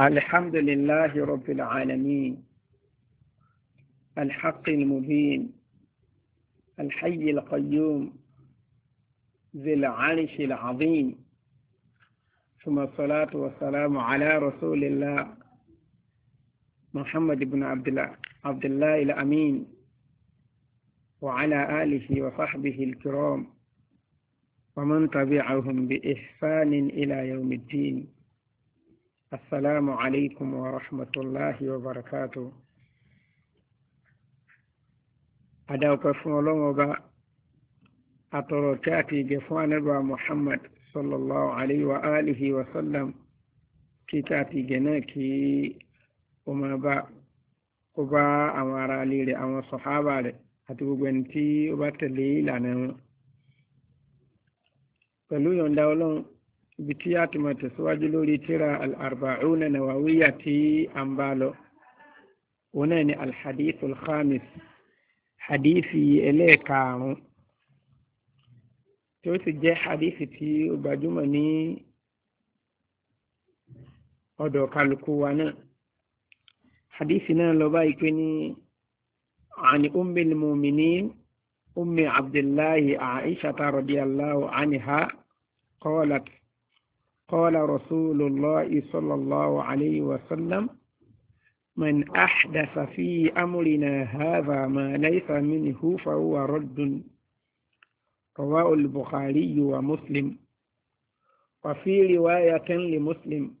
الحمد لله رب العالمين الحق المبين الحي القيوم ذي العرش العظيم ثم الصلاة والسلام على رسول الله محمد بن عبد الله عبد الله الأمين وعلى آله وصحبه الكرام ومن تبعهم بإحسان إلى يوم الدين السلام عليكم ورحمة الله وبركاته أدعوك فون الله وبا أطرقاتي جفوان أبا محمد صلى الله عليه وآله وسلم كتاتي جناكي وما با وبا أمارا لي أما صحابة لي أتبقى أنتي وبا تلي لنا pẹ̀lú ìyọ̀nda ibi tí a ti máa tẹ̀síwájú lórí tíra al-arba'una nawawiya tí a ń bá lọ òun náà ni al-hadithul khamis hadithi ẹlẹ́ẹ̀karùn-ún tí ó sì jẹ́ hadithi tí ó gbajúmọ̀ ní ọ̀dọ̀ kálukú hadithi náà lọ báyìí pé ní àni mu'minin ummi abdullahi aisha radiyallahu anha qalat قال رسول الله صلى الله عليه وسلم من أحدث في أمرنا هذا ما ليس منه فهو رد رواه البخاري ومسلم وفي رواية لمسلم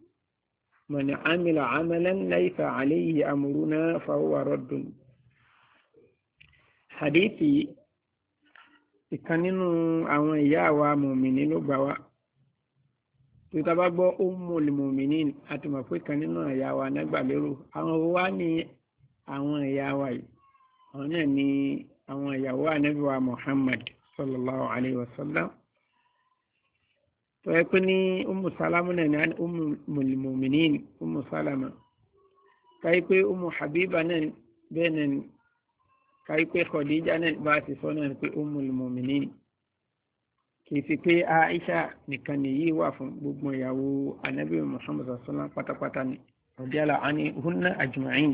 من عمل عملا ليس عليه أمرنا فهو رد حديثي كان àwọn ìyá wa mùmìnì tòtà bá gbọ́ ummul mu'minin àti mọ̀ pé kan nínú ẹ̀yà wa nágbàlérò àwọn owó wá ní àwọn ẹ̀yà wa yìí àwọn náà ní àwọn ìyàwó ànábì wa Muhammad sallallahu alayhi wa sallam tó yẹ pé ní umu salama náà ní àni ummul mu'minin umu salama káyí pé umu habiba náà bẹ́ẹ̀ náà káyí pé Khadija náà bá ti sọ náà pé ummul mu'minin kì í ti pé Aisha nìkan nìyí wà fún gbogbo ìyàwó anabi Muhammad sallam pátápátá ni ọ̀dẹ́là á ní hunna ajma'in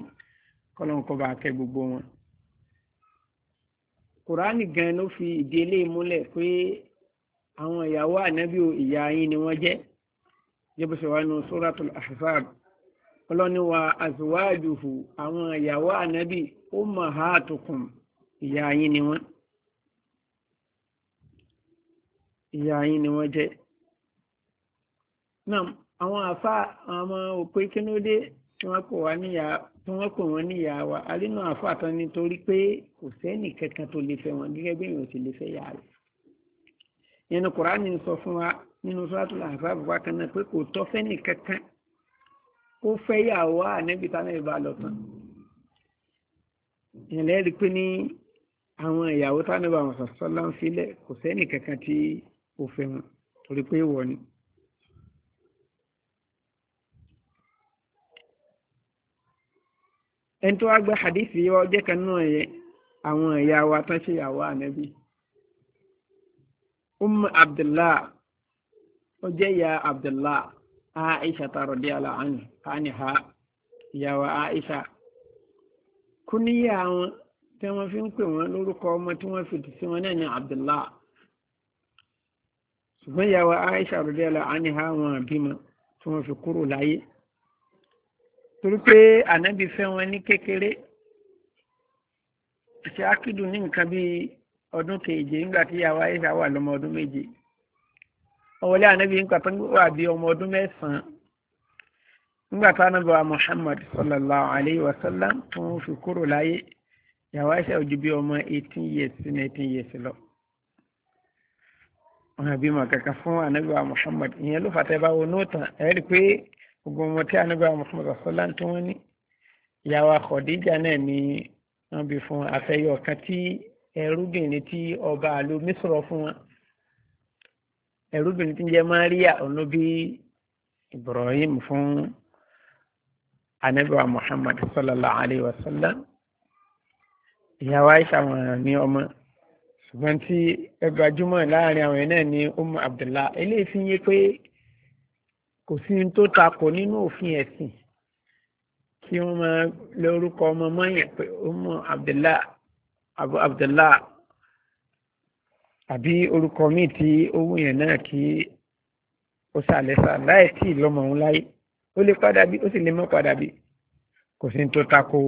kọ́lọ́n kọ́ bá a kẹ́ gbogbo wọn. kùránì gan ló fi ìdí eléyìí múlẹ̀ pé àwọn ìyàwó anabi ìyá yín ni wọ́n jẹ́ jẹ́bùsẹ̀ wa nù suratul ahzab ọlọ́ni wa azwajuhu àwọn ìyàwó anabi ummahatukum ìyá yín ni wọ́n. ìyá ni wọ́n jẹ́ náà àwọn àfa àwọn òpin kínúdé tí wọ́n pè wá níyà wọ́n níyà wa alínú àfa tán nítorí pé kò sẹ́nì kankan tó lè fẹ́ wọn gẹ́gẹ́ bí èèyàn ò sì lè fẹ́ yà rẹ̀ ìyẹn ni Kùránì ń sọ fún wa nínú sọ́tò àfa bùbá kan náà pé kò tọ́ fẹ́nì kankan kó fẹ́ yà wá ànẹ́bí táwọn ìbá lọ tán ìyẹn lẹ́rìí pé ní àwọn ìyàwó táwọn ìbá wọn sọ̀tọ̀ lọ́n sílẹ̀ kò sẹ́nì kankan tí ó fẹ́ wọn torí pé ìwọ ni. ẹni tó wá gba hadith yìí wá jẹ́ kan náà yẹ àwọn ẹ̀yà wa tán ṣe àwa ànábì umu abdullah ó jẹ́ ìyá abdullah aisha radiyallahu anha ìyá wa aisha kúníyà wọn tí wọ́n fi ń pè wọ́n lórúkọ ọmọ tí wọ́n fi tì sí wọn náà ní abdullah ṣùgbọ́n ìyàwó Aisha rọ̀dẹ́lá àníhà wọn àbímọ tí wọ́n fi kúrò láyé torí pé ànábì fẹ́ wọn ní kékeré ṣe ákídù ní nǹkan bí ọdún keje nígbà tí ìyàwó Aisha wà lọ́mọ ọdún méje ọwọ́lé ànábì nígbà tó wà bí ọmọ ọdún mẹ́sàn-án nígbà tó ànábì wa Muhammad sallallahu alayhi wa sallam tí wọ́n fi kúrò láyé ìyàwó Aisha ò ju bí ọmọ eighteen years sí nineteen years lọ wọn àbí mọ kankan fún anagba muhammad ìyẹn ló fàtẹ́ bá wo nóòtàn ẹ̀ rí i pé gbogbo ọmọ tí anagba muhammad sọlá tí wọ́n ní ìyàwó akọ̀díjà náà ni wọ́n bí fún afẹ́yọ̀ kan tí ẹrúbìnrin tí ọba àlò mísọ̀rọ̀ fún wọn ẹrúbìnrin tí ń jẹ́ maria ọ̀nà bí ibrahim fún anagba muhammad sallallahu alayhi wa sallam ìyàwó aisha wọn ní ọmọ ṣùgbọ́n tí ẹ gbajúmọ̀ láàrin àwọn yẹn ni Umm Abdullah eléyìí fi yé pé kò sí ní tó takò nínú òfin ẹ̀sìn kí wọ́n máa lórúkọ ọmọ mọ́yìn pé Umm Abdullah Abu Abdullah àbí orúkọ míì tí ó wù yẹn náà kí ó ṣàlẹ́sà láì tí ì lọ́mọ òun láyé ó lè padà bí ó sì lè má padà bí kò sí ní tó takò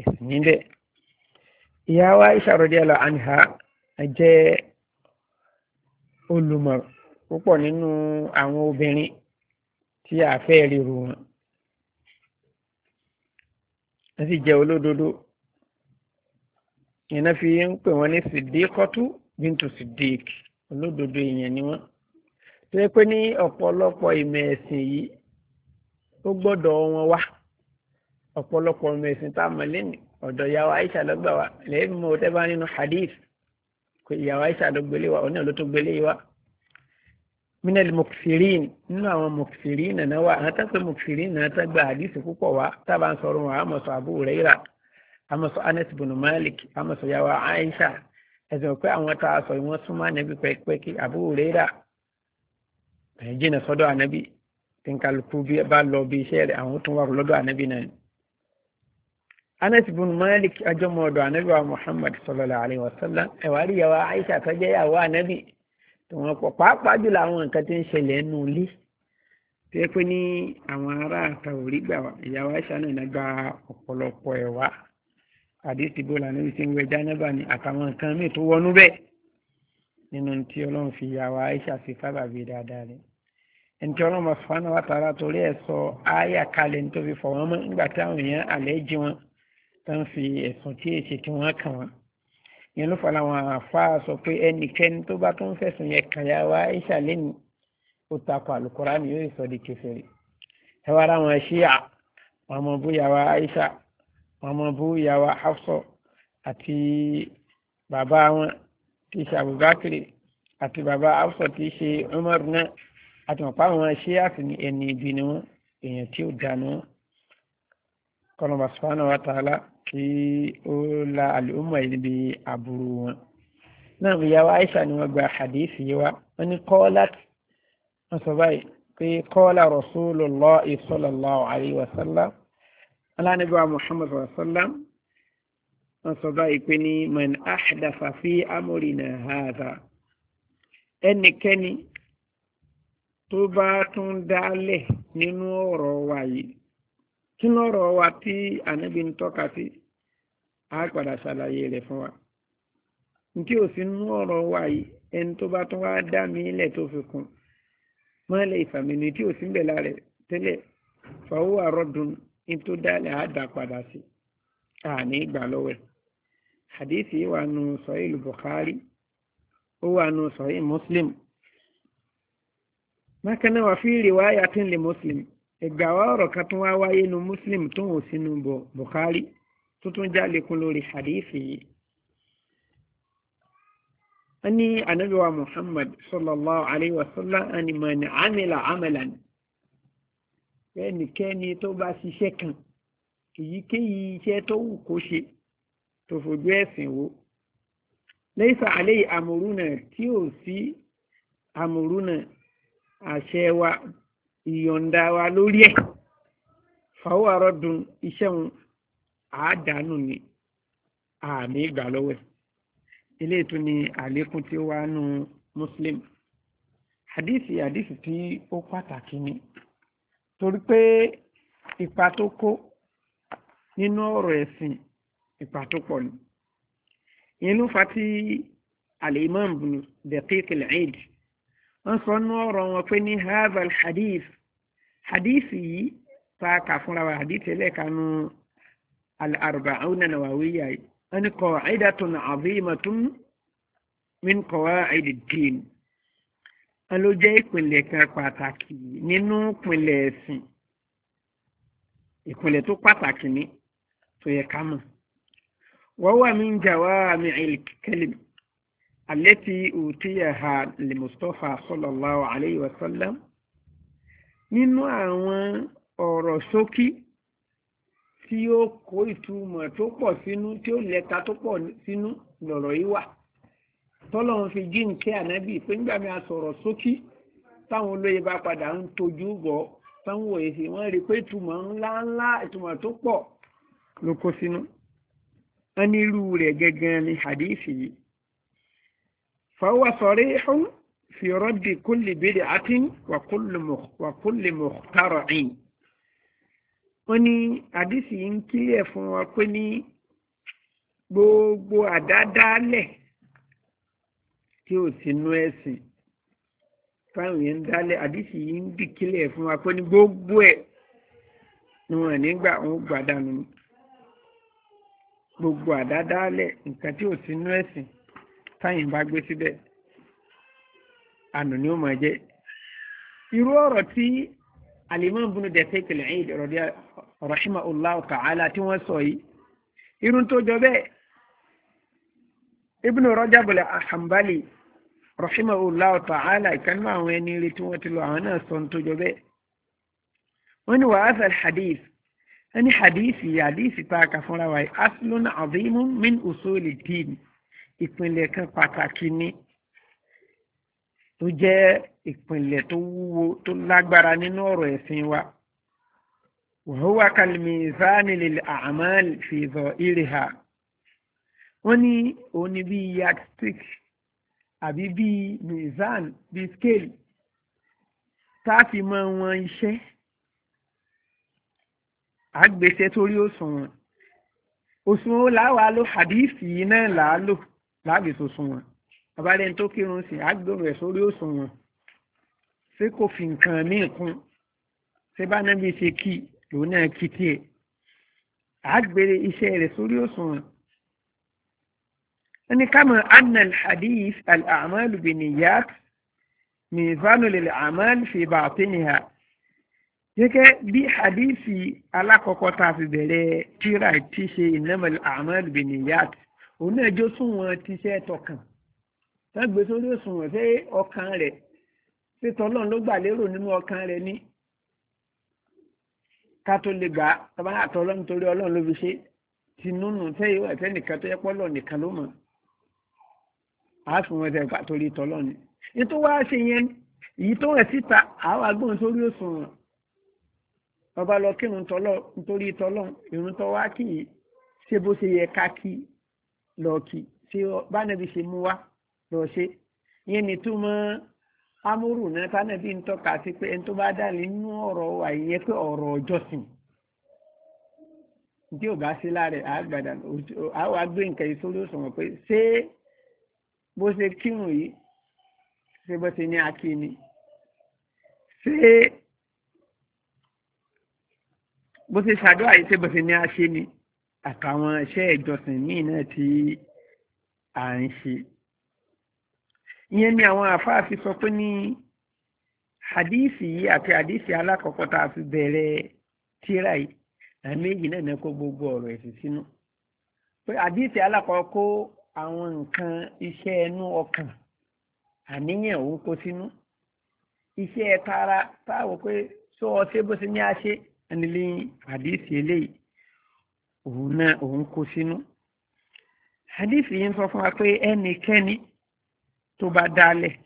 ẹ̀sìn níbẹ̀. ìyá wa Aisha radiyallahu anha ẹ jẹ́ olùmọ̀ púpọ̀ nínú àwọn obìnrin tí a fẹ́ ríru wọn ẹ sì jẹ́ olódodo ìyẹn fi ń pè wọ́n ní sìdíkọ́tù bíntu sìdíkì olódodo èèyàn ni wọ́n tó yẹ pé ní ọ̀pọ̀lọpọ̀ ìmọ̀ ẹ̀sìn yìí ó gbọ́dọ̀ wọn wá ọ̀pọ̀lọpọ̀ ìmọ̀ ẹ̀sìn tá a mọ̀ lẹ́nu ọ̀dọ̀ yàwó Aisha lọ́gbà wa lẹ́yìn mọ́ tẹ́ bá nínú hadith pé ìyàwó Aisha ló gbélé wa oní olótó gbélé wa minel mukfirin nínú àwọn mukfirin náà wà àwọn tápẹ́ mukfirin náà tá gba àdìsí púpọ̀ wá tábà ń sọ̀rọ̀ wọn àmọ̀sọ̀ Abu Huraira àmọ̀sọ̀ Anas bin Malik àmọ̀sọ̀ yàwó Aisha ẹ̀sìn pé àwọn tá a sọ ìwọ̀n súnmọ́ ànábì pẹ́kipẹ́kí Abu Huraira ẹ̀jìnà sọ́dọ̀ ànábì tí ń kálukú bá lọ bí iṣẹ́ rẹ̀ àwọn tó wà lọ́dọ̀ ànábì náà anas bin malik ajọmọ ọ̀dọ̀ anabi wa muhammad sallallahu alayhi wa sallam ẹwà rí yàwá aisha tó jẹ́ yàwó anabi tó wọn pọ̀ pàápàá jùlọ àwọn nǹkan tó ń ṣẹlẹ̀ nù lé tó yẹ pé ní àwọn ará àtàwórí gbà wá ìyàwó aisha náà iná gba ọ̀pọ̀lọpọ̀ ẹ̀wà àdìsí bó lànà ibi tí ń wẹ jánábà ni àtàwọn nǹkan míì tó wọnú bẹ́ẹ̀ nínú tí ọlọ́run fi yàwó aisha sí sábàbí dáadáa rẹ̀ ẹnití ọlọ́run subhanahu wa ta'ala torí ẹ̀ sọ ááyà kalẹ̀ nítorí fọwọ́n mọ́ nígbà tí àwọn èèyàn àlẹ́ jí wọn tó ń fi ẹ̀sùn tí èsì tí wọ́n kàn wọ́n yẹn ló fara àwọn àfáà sọ pé ẹnikẹ́ni tó bá tó ń fẹ̀sùn yẹn kàn yá wa Aisha lẹ́nu ó takò Al-Kùránì yóò sọ di kèfèrí ẹ wá ra wọn Ṣíà wọn mọ bú yàwá Aisha wọn mọ bú yàwá Hafsa àti bàbá wọn tí ṣe Abubakar àti bàbá Hafsa tí ṣe Umar náà àti wọn pa àwọn Ṣíà sì ẹni ibi ni wọn èèyàn tí ó dànù kọlọmọ Subhanahu wa Ta'ala kí ó la àlùmọ̀ yìí níbi àbúrò wọn náà ìyàwó Aisha ni wọ́n gba hadith yìí wá wọ́n ní qalat wọ́n sọ báyìí pé qala Rasulullahi sallallahu alaihi wa sallam aláníbà Muhammad sallallahu alaihi wa sallam wọ́n sọ báyìí pé ní man ahdatha fi amrina hadha ẹnikẹ́ni tó bá tún dálẹ̀ nínú ọ̀rọ̀ wa kí lọ́rọ̀ wa tí ànábì ń tọ́ka sí a padà ṣàlàyé rẹ̀ fún wa tí ò sí wa yìí ẹni tó bá tún wá dá mi ilẹ̀ tó fi kún mọ́lẹ̀ ìfàmìlì tí ò sí bẹ̀ lára tẹ́lẹ̀ fàwọ́ àrọ́dùn ní tó dálẹ̀ padà sí ìgbà lọ́wọ́ ẹ̀ wà nù sọ́yìn ó ẹ̀gbàwá ọ̀rọ̀ kan tó wá wáyé nu muslim tó hàn sínú bukhari tó tún já lékún lórí hadithi yìí wọ́n ní anabiwa muhammad sallallahu alayhi wa sallam ani man amila amalan ẹnikẹ́ni tó bá ṣiṣẹ́ kan èyíkéyìí iṣẹ́ tó wù kó ṣe tó fojú ẹ̀sìn wò lẹ́sà àlẹ́ àmọ̀rúnà tí ò sí àmọ̀rúnà àṣẹ wa ìyọ̀ǹda wa lórí ẹ̀ fàwọ́ àrọ́dún iṣẹ́ wọn àádánù ni àmì ìgbà lọ́wọ́ ẹ̀ ilé ètò ni àlékún tí ó wá nú muslim hadisi hadisi tí ó pàtàkì ni torí pé ipa tó kó nínú ọ̀rọ̀ ẹ̀sìn ipa tó pọ̀ ni inú fa tí al-imam bin daqiq al-eid wọ́n sọ nú ọ̀rọ̀ wọn pé ní haza hadith hadisi yìí tá a kà fúnra wa hadisi ẹlẹ́ẹ̀kanu al-arba'una nawawiyya yìí wọ́n ní qa'idatun 'azimatun min qawa'id ad-din wọ́n ló jẹ́ ìpìlẹ̀ kan pàtàkì nínú ìpìlẹ̀ ẹ̀sìn ìpìlẹ̀ tó pàtàkì ní tó yẹ ká mọ̀ wa huwa min jawami'il kalim allati utiyaha li Mustafa sallallahu alayhi wa sallam nínú àwọn ọ̀rọ̀ ṣókí tí ó kó ìtumọ̀ tó pọ̀ sínú tí ó lẹ́ka tó pọ̀ sínú lọ̀rọ̀ yìí wà tọ́lọ́run fi jí nkẹ́ ànábì pé nígbà mi a sọ̀rọ̀ ṣókí táwọn olóye bá padà ń tojú bọ̀ táwọn òye sì wọ́n rí pé ìtumọ̀ ńláńlá ìtumọ̀ tó pọ̀ ló kó sínú wọ́n ní irú rẹ̀ gẹ́gẹ́ ni hadisi yìí fọwọ́ sọ̀rí ẹ̀hún fi rọ́dì kúlì bèdè àtín wà kúlì mọ̀tàrọ̀ ìn wọ́n ní àdísì yìí ń kílẹ̀ fún wa pé ní gbogbo àdádálẹ̀ tí ò sínú ẹ̀sìn fáwọn yẹn ń dálẹ̀ àdísì yìí ń dì wa pé ní gbogbo ẹ̀ ni wọ́n nígbà wọn gbàdánù gbogbo àdádálẹ̀ nǹkan tí ò sínú ẹ̀sìn táyìn bá gbé síbẹ̀ ànà ni ó máa jẹ́ irú ọ̀rọ̀ tí alimam bunu Daqiq al-Eid rahimahullahu ta'ala tí wọ́n sọ yìí irun tó jọ bẹ́ẹ̀ Ibn Rajab al-Hanbali rahimahullahu ta'ala ìkànnì àwọn ẹni rí tí wọ́n ti lọ àwọn náà sọ tó jọ bẹ́ẹ̀ wọ́n ní wàhálà al-hadith ẹni hadithi hadithi tá a kà fúnra wa yìí aslun azimun min usuli din ìpínlẹ̀ kan pàtàkì ni tó jẹ́ ìpìlẹ̀ tó wúwo tó lágbára nínú ọ̀rọ̀ ẹ̀sìn wa wàhúwà kalmizani lil a'mal fi dha'iriha wọ́n ní òun ni bíi yardstick àbí bíi mizan bíi scale tá a wọn iṣẹ́ àgbèsè torí òṣùwọ̀n òṣùwọ̀n làwa lo hadithi yìí náà làá lágbèsè òṣùwọ̀n àbálẹ̀ tó kírun sí àgbèrò ẹ̀ sórí òṣùwọ̀n ṣé kò fi nǹkan míì kún ṣé bá nábì ṣe kí lòun náà kí tiẹ̀ àgbèrè iṣẹ́ rẹ̀ sórí òṣùwọ̀n. ẹni kámọ̀ anna al-hadith al-amal bin-niyyat mizanu lil-amal fi batiniha gẹ́gẹ́ bí hadithi alákọ̀ọ́kọ́ tá fi bẹ̀rẹ̀ tíra ti ṣe innamal a'malu bin-niyyat òun náà jó sún wọn ti tọkàn wọ́n gbé sórí òṣùwọ̀n pé ọkàn rẹ̀ pé tọ́lọ́n ló gbà lérò nínú ọkàn rẹ̀ ní ká lè gbà tọ́ba àtọ́lọ́n torí ọlọ́run ló fi ṣe ti núnú tẹ́yìn wà tẹ́nìkan tó yẹ pọ́lọ́ nìkan ló mọ̀ á fún wọn tẹ́ka torí tọ́lọ́n ni nítorí wàá ṣe yẹn èyí tó rẹ̀ síta àwọn agbóhùn sórí òṣùwọ̀n ọba lọ kírun tọ́lọ́ nítorí tọ́lọ́n ìrun tó wá kì í ṣe bó ṣe yẹ ká kí lọ kí ṣe bá nàbí ṣe mú wá lọ ṣe ìyẹn ni túmọ̀ amúrù náà tánàbí ń tọ́ka sí pé ẹni tó bá dà nínú ọ̀rọ̀ wa ìyẹn pé ọ̀rọ̀ ọjọ́sìn tí ò bá sí láàrẹ̀ àgbàdà àwọn agbé nǹkan yìí sórí òṣùwọ̀n pé ṣé bó ṣe kírun yìí ṣe bó ṣe ní akí ni ṣé bó ṣe ṣàdúrà yìí ṣe bó ṣe ní aṣe ni àtàwọn iṣẹ́ ìjọsìn míì náà tí à ń ṣe ìyẹn ni àwọn àfáà fi sọ pé ní hadisi yìí àti hadisi alákọ̀ọ́kọ́ tá a fi bẹ̀rẹ̀ tíra yìí àméjì náà nẹ́kọ́ gbogbo ọ̀rọ̀ ẹ̀sìn sínú pé hadisi alákọ̀ọ́kọ́ àwọn nǹkan iṣẹ́ ẹnu ọkàn àníyàn òun kó sínú iṣẹ́ tara táwọn pé sọ ọtí bó ṣe ní àṣẹ ẹnilé hadisi eléyìí òun náà òun kó sínú hadisi yìí ń sọ fún wa pé ẹnikẹ́ni tó bá dálẹ̀.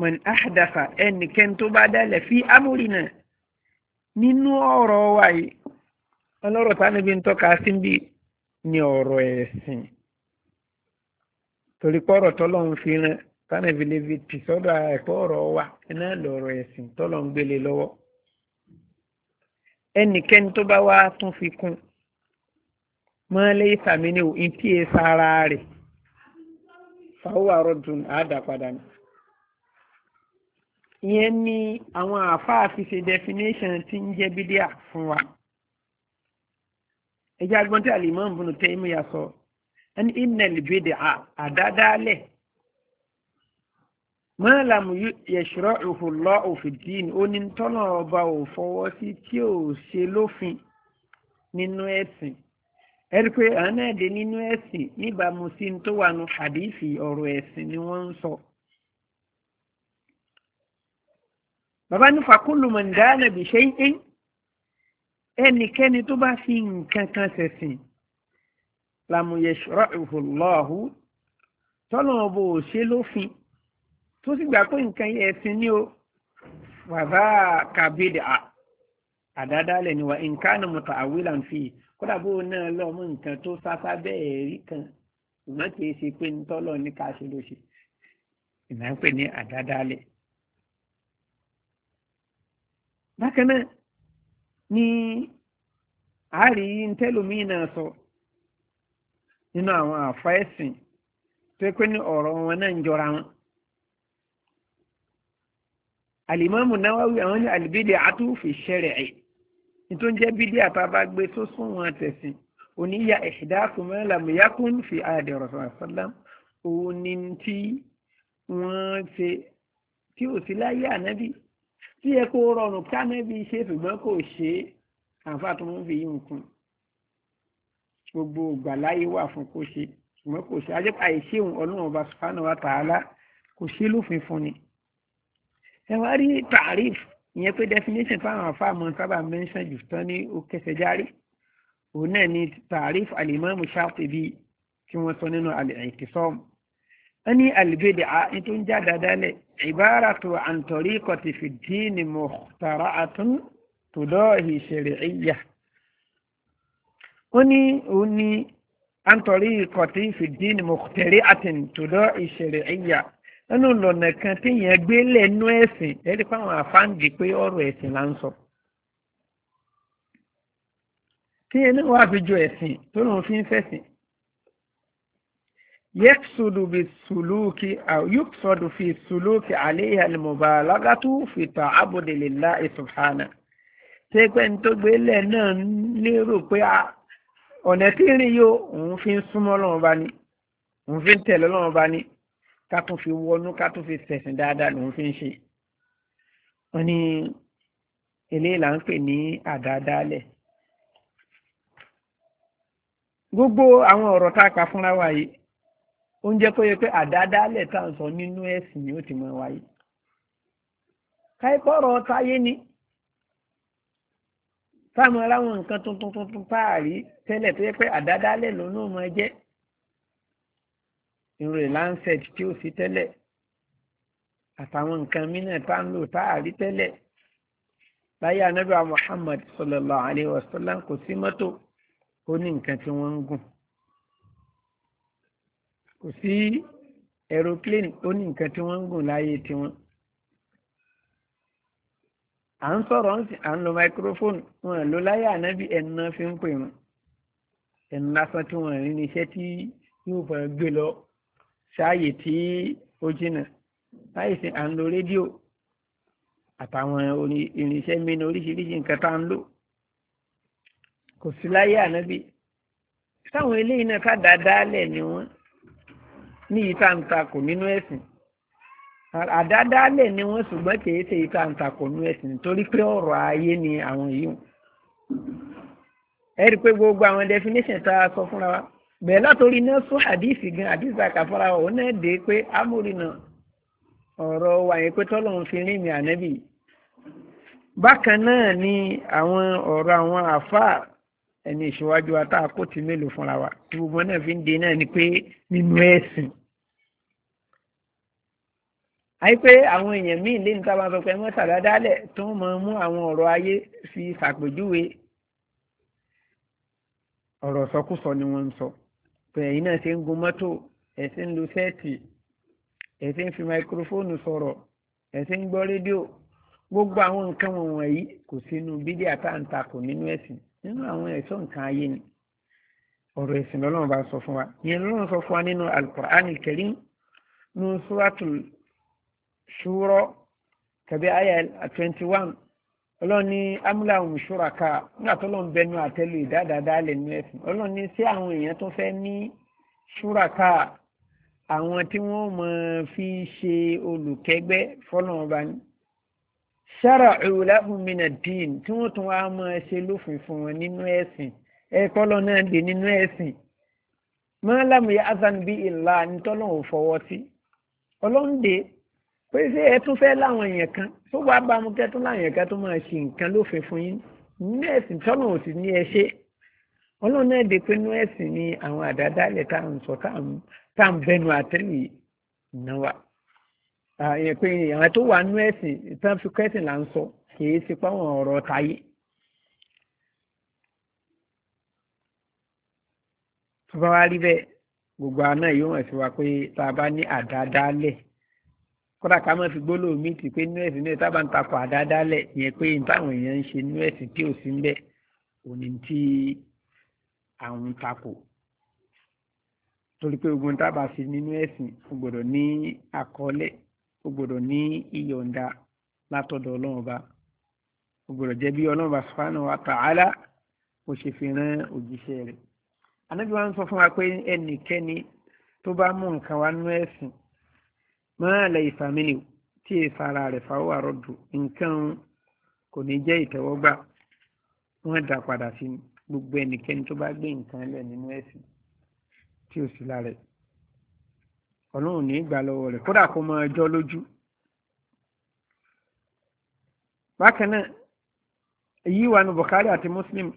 man ahdatha ẹnikẹ́ni tó bá dálẹ̀ fi amúrinà nínú ọ̀rọ̀ wa yìí ọlọ́rọ̀ tánibí ń tọ́ka sí bí ni ọ̀rọ̀ ẹ̀sìn torí pọ́rọ̀ tọ́lọ́run fi rán tánibí lè fi sọ́dọ̀ ẹ̀kọ́ ọ̀rọ̀ wa iná lọ̀rọ̀ ẹ̀sìn tọ́lọ́run gbélé lọ́wọ́ ẹnikẹ́ni tó bá wá tún fi kún un mọ́lẹ́ ìsàmì ni ò ń tí e sára rẹ̀ fàwọ́ àrọ́dùn àdàpadà ni. ìyẹn ni àwọn àáfàá fi ṣe definition tí ń jẹ́ bídíà fún wa. ẹjẹ́ agbọ́n tí alimọ́n bùnú tẹ́ ìmú ya sọ ẹni ìnẹ̀lì bídíà àdádálẹ̀ mọ́làmù yẹ̀ṣọ́rọ̀ ìhùlọ́ òfìdín onítọ́nà ọba ò fọwọ́ sí tí ò ṣe lófin nínú ẹ̀sìn. E ẹ̀rí pé àánú ẹ̀dẹ̀ nínú ẹ̀sìn níbàámu sí tó wà nù hadithi ọ̀rọ̀ ẹ̀sìn ni wọ́n ń sọ. bàbá ní fàkúlù mọ̀ndáàlà bí ṣe ń ń ẹnikẹ́ni tó bá fi nǹkan kan ṣẹ̀sìn làmúyẹ̀ṣọ́rọ̀ ìhùlọ́ọ̀hù tọ́lọ̀ bò ṣe lófin tó sì gbà pé nǹkan yẹ ẹ̀sìn ni ó wàbá kàbídà àdádálẹ̀ ni wà nǹkan mọ̀tà àwílà ń fi kódà náà lọ mú nǹkan tó sáfá bẹ́ẹ̀ rí kan ṣùgbọ́n kì í ṣe pé ní tọ́lọ̀ ní ká ṣe ló ṣe ìmọ̀ ń pè ní àdádálẹ̀. bákan náà ni àárí ntẹ́lómìn náà sọ nínú àwọn àfa ẹ̀sìn tó pé ní ọ̀rọ̀ wọn náà jọra wọn. atu fi tó ń jẹ́ bídí àtàbà gbé tó súnwọ̀n àtẹ̀sìn oníyà ihdasu ma lam yakun fi ahdi rasulullah sallam òun ni tí wọ́n ṣe tí ò sí láyé ànábì tí ẹ kó rọrùn kánábì ṣe ṣùgbọ́n kò ṣe àǹfà tó ń fi yí nǹkan gbogbo ìgbà láyé wà fún kó ṣe ṣùgbọ́n kò ṣe ajẹ́pà àìṣeun ọlọ́run ọba subhanahu wa ta'ala kò ṣe lófin fún ni ẹ wá rí tààrífù ìyẹn pé definition fáwọn afáàmọ́ sábà mention jù tán ní ó kẹsẹ̀ járí òun náà ni tààrífù alimami Shatibi tí wọ́n sọ nínú al-I'tisam wọ́n ní al-bid'a ní tó ń já dáadáa lẹ̀ ibaratu an tariqati fi ddini mukhtara'atun tudahi shar'iyyah ó ní òun ní an tariqati fi ddini mukhtara'atun tudahi shar'iyyah ẹnu lọ́nà kan téèyàn gbé lẹ́nu ẹ̀sìn ẹ̀rí pé àwọn àfáǹdì pé ọ̀rọ̀ ẹ̀sìn là ń sọ. téèyàn náà wàá fi jọ ẹ̀sìn tó lòun fi ń fẹ̀sìn. yẹ́kṣọdù fi sùlùkì yọ́kṣọdù fi sùlùkì àléyà lùmọ̀bàlágàtú fìtà àbòdìlélá ìsùnfàànà. ṣé pé ní tó gbé lẹ̀ náà lérò pé ọ̀nà tí ń yóò òun fi ń súnmọ́ lọ́wọ́ bá ní òun fi ń tẹ̀lé lọ́wọ́ bá ní ká tún fi wọnú ká tún fi sẹ̀sìn dáadáa lòun fi ń ṣe wọ́n ní eléyìí là ń pè ní àdáadáalẹ̀ gbogbo àwọn ọ̀rọ̀ tá a kà fúnra wa yìí ó ń jẹ́ kó yẹ pé àdáadáalẹ̀ tá à ń sọ nínú ẹ̀sìn ni ó ti mọ wáyé káíkọ́rọ̀ táyé ni táwọn aláwọn nǹkan tuntun tuntun páàrí tẹ́lẹ̀ tó yẹ pé àdáadáalẹ̀ lòun náà máa jẹ́ irú lancet tí ò sí tẹ́lẹ̀ àtàwọn nǹkan mìíràn tá ń lò tá a rí tẹ́lẹ̀ láyé anábì Muhammad sallallahu alayhi wa sallam kò sí mọ́tò ó ní nǹkan tí wọ́n ń gùn kò sí aeroplane ó ní nǹkan tí wọ́n ń gùn láyé tiwọn à ń sọ̀rọ̀ à ń lo microphone wọn ló láyé ànábì ẹ̀nà fi ń pè wọn ẹ̀nà lásán tí wọ́n rí ní tí yóò fẹ́ gbé lọ sáàyè tí ó jìnà láì sí à ń lo rédíò àtàwọn irinṣẹ́ mìíràn oríṣiríṣi nǹkan tá ń lò kò sí láyé ànábì sáwọn eléyìí náà ká dáadáalẹ̀ ni wọ́n ní ìtàǹtakò nínú ẹ̀sìn àdáadáalẹ̀ ni wọ́n ṣùgbọ́n kìí ṣe ìtàǹtakò nínú ẹ̀sìn torí pé ọ̀rọ̀ ayé ni àwọn yìí ẹ rí i pé gbogbo àwọn definition tá a sọ fúnra wa bẹ́ẹ̀ látòrí náà sún àdìsí gan àdìsí àkàfọ́ra òun náà dé pé amúrinà ọ̀rọ̀ wà yẹn pé tọ́lọ́run fi rí mi ànẹ́bì bákan náà ni àwọn ọ̀rọ̀ àwọn àfáà ẹni ìṣíwájú wa tá a kó ti mélòó fúnra wa tí gbogbo náà fi ń de náà ni pé nínú ẹ̀sìn àìpé àwọn èèyàn míì lẹ́nu tá a máa sọ pé wọ́n ṣàdádálẹ̀ tó ń máa mú àwọn ọ̀rọ̀ ayé fi ṣàpèjúwe ọ̀rọ̀ sọkúsọ ni wọ́n ń sọ. So pé ẹ̀yin náà ṣe ń gun mọ́tò ẹ̀sìn ń lu sẹ́ẹ̀tì ẹ̀sìn ń fi máikrófóònù sọ̀rọ̀ ẹ̀sìn ń gbọ́ rédíò gbogbo àwọn nǹkan wọ̀nyí kò sínú bídí àtàǹtà kò nínú ẹ̀sìn nínú àwọn ẹ̀ṣọ́ nǹkan ayé ni ọ̀rọ̀ ẹ̀sìn lọ́lọ́run bá sọ fún wa ìyẹn lọ́lọ́run sọ fún wa nínú al-Qur'an al-Karim nínú suratul Shura tàbí àyà twenty one ọlọ́run ní amúlá àwọn ìṣúraka nígbà tó lọ́n bẹnu àtẹ́lu ìdáadáa lẹ́nu ẹ̀sìn ọlọ́run ní sí àwọn èèyàn tó fẹ́ ní ṣúraka àwọn tí wọ́n mọ̀ fi ṣe olùkẹ́gbẹ́ fọ́nà ọba ní. sára ìwòláhùn mina dín tí wọ́n tún wá mọ̀ ṣe lófin fún wọn nínú ẹ̀sìn ẹ̀kọ́ náà dé nínú ẹ̀sìn. mọ́lámù yá azan ìlà nítọ́lọ́hùn fọwọ́ sí ọlọ́run dé pé ṣé ẹ tún fẹ́ láwọn èèyàn kan tó wá bá mu kẹ́ tún láwọn èèyàn kan tó máa ṣe nǹkan lófin fún yín ní tọ́nà ò sì ní ẹ ṣe ọlọ́run náà dé pé inú ni àwọn àdádálẹ̀ tá à ń sọ tá à ń bẹnu àtẹ́lù náà wà àyẹ̀ pé àwọn tó wà nú ẹ̀sìn tán fi kẹ́sìn là ń sọ kìí ṣe páwọn ọ̀rọ̀ táyé. tó bá wá rí bẹ́ẹ̀ gbogbo àná yóò hàn sí wa pé tá a bá ní àdádálẹ̀ kódà ká má fi gbólóhùn mí tì pé nínú ẹ̀sìn náà tábà ń takò àdáadáalẹ̀ yẹn pé táwọn èèyàn ń ṣe nínú ẹ̀sìn tí ò sí ń bẹ̀ òní tí àwọn ń takò torí pé ogun tábà sí nínú ẹ̀sìn ó gbọ́dọ̀ ní àkọọ́lẹ̀ ó gbọ́dọ̀ ní ìyọ̀ǹda látọ̀dọ̀ ọlọ́run ọba ó gbọ́dọ̀ jẹ́ bí ọlọ́run ọba subhanahu wa ta'ala ó ṣe fi rán òjíṣẹ́ rẹ̀ anábì máa lẹ ìfàmìlì tí ìfara rẹ̀ fáwọ́ àrọ́dù nǹkan kò ní jẹ́ ìtẹ́wọ́gbà wọ́n dá padà sí gbogbo ẹnikẹ́ni tó bá gbé nǹkan lẹ̀ nínú ẹ̀sìn tí ó sì lára ẹ̀ ọlọ́run ní ìgbà lọ́wọ́ rẹ̀ kódà kó mọ ẹjọ́ lójú bákan náà èyí wà ní Bukhari àti Muslim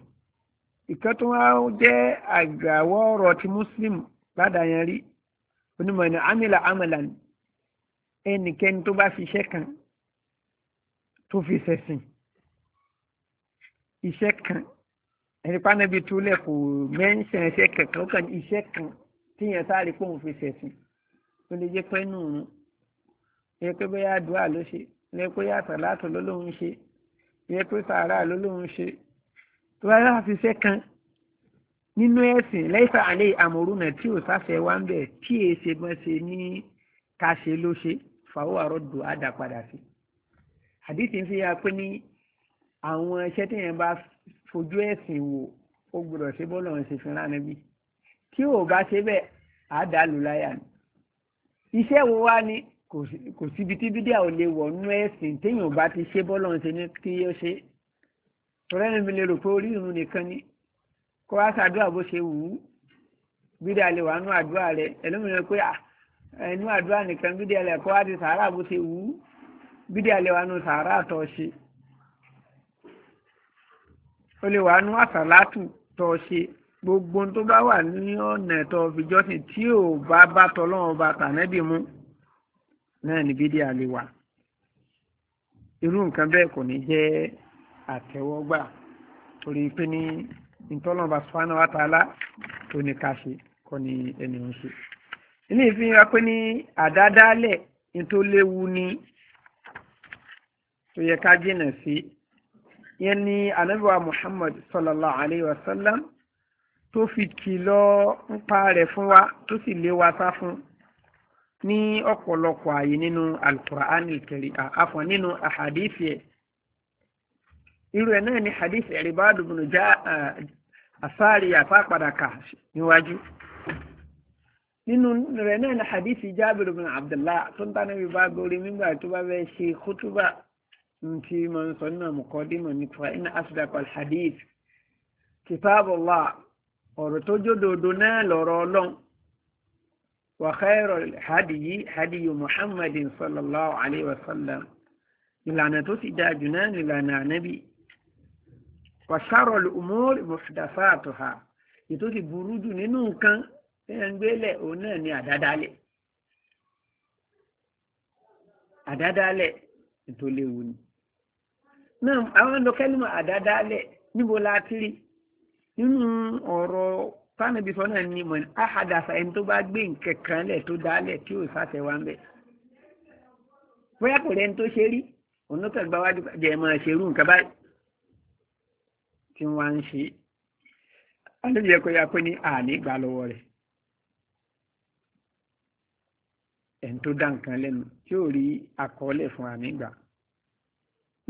ìkẹ́ tó wá jẹ́ àgbàwọ́ ọ̀rọ̀ ti Muslim ládàá yẹn rí onímọ̀ ní amílà amalan ẹnikẹ́ni tó bá fi iṣẹ́ kan tó fi ṣẹ̀sìn iṣẹ́ kan ẹni pánẹ́bí túlẹ̀ kò mẹ́ńsẹ̀ iṣẹ́ kankan ó kàn iṣẹ́ kan tíyẹn sáré pé òun fi ṣẹ̀sìn ó lè jẹ́ pẹ́ nù ún ẹ pé bóyá dùá ló ṣe ẹ pé yàtọ̀ látọ̀ ló lóun ṣe ẹ pé sàárà ló lóun ṣe tó bá yàtọ̀ fi kan nínú ẹ̀sìn lẹ́sà àlẹ́ àmọ̀rúnà tí ò sáfẹ́ wá ń bẹ̀ tí èsè mọ́ ṣe ní ká ló ṣe fàwọ́ àròdù àdá padà sí àdìsí ń fi ya pé ní àwọn iṣẹ́ tí yẹn bá fojú ẹ̀sìn wò ó gbọdọ̀ ṣe bọ́ọ̀lù ọ̀hún ṣe fi ránà bí tí ò bá ṣe bẹ́ẹ̀ àdá lù láyà ni iṣẹ́ wo wá ni kò síbi tí bídíà ò lè wọ̀ nú ẹ̀sìn téèyàn bá ti ṣe bọ́ọ̀lù ọ̀hún ṣe ní kí ó ṣe tọ́lẹ́nu mi lè rò pé orí ìrun nìkan ni kó wá ṣàdúrà bó ṣe wù ú bídíà lè wà nú àdúrà rẹ ẹlòmíràn pé ah ẹnu àdúrà nìkan bídí ẹlẹ kọ́ àti sàárà bó ṣe wù ú bídí ẹlẹ wa nu sàárà tọ́ ṣe ó lè wà nu àsàlátù tọ́ ṣe gbogbo tó bá wà ní ọ̀nà ẹ̀tọ́ fìjọ́sìn tí ò bá bá tọ́lọ́wọ́ bá tànẹ́bì mú náà ní bídí ẹlẹ wa irú nǹkan bẹ́ẹ̀ kò ní jẹ́ àtẹ́wọ́gbà torí pé ní ntọ́lọ́ba sùpánà wa tààlà tó ní ká ṣe kọ́ ni ẹni ń ṣe ní ìfihàn pé ní àdádálẹ̀ tó léwu ni tó yẹ ká jìnà sí yẹn ni anábíwá Muhammad sallallahu alayhi wa sallam tó fi kìlọ̀ ń pa rẹ̀ fún wa tó sì lé wa sá fún ní ọ̀pọ̀lọpọ̀ ààyè nínú alukur'an kẹrì àfọ̀ nínú àhàdíìsì ẹ̀ irú ẹ̀ náà ni hadith ẹ̀rìbáàdùn bùnú já àsáàrí àfáàpadà níwájú nínú rẹ̀ náà ní hadithi jábìrì bin abdullah tó ń tánà bí bá gorí nígbà tó bá fẹ́ ṣe kútúbà tí mo ń sọ nínú mọ̀kọ́dímọ̀ nípa iná asdaq alhadith kitabullah ọ̀rọ̀ tó jódodo náà lọ́rọ̀ ọlọ́run wa khayru hadiyi hadiyu muhammadin sallallahu alayhi wa sallam ìlànà tó sì dáa jù náà nílànà ànábì wa sharru al-umuri muhdathatuha ètò ti burú jù nínú nǹkan fẹ́ẹ̀ ń gbélẹ̀ òun náà ni àdádálẹ̀ àdádálẹ̀ tó léwu ni náà àwọn lọ́kẹ́lùmọ̀ àdádálẹ̀ níbo la ti rí nínú ọ̀rọ̀ tánàbí sọ náà ni mọ̀ áhàdàsá ẹni tó bá gbé nǹkan kan lẹ̀ tó dálẹ̀ tí ò sáfẹ́ wá ń bẹ̀ bóyá kò rẹni tó ṣe rí òun ló kàn gbá jẹ́ ẹ̀ máa nǹkan báyìí tí wọ́n ń ṣe alóbi ẹ̀kọ́ ya pé ní àní gbà lọ́wọ́ rẹ̀ ẹni tó dá nǹkan lẹ́nu tí ò rí àkọọ́lẹ̀ fún àmì ìgbà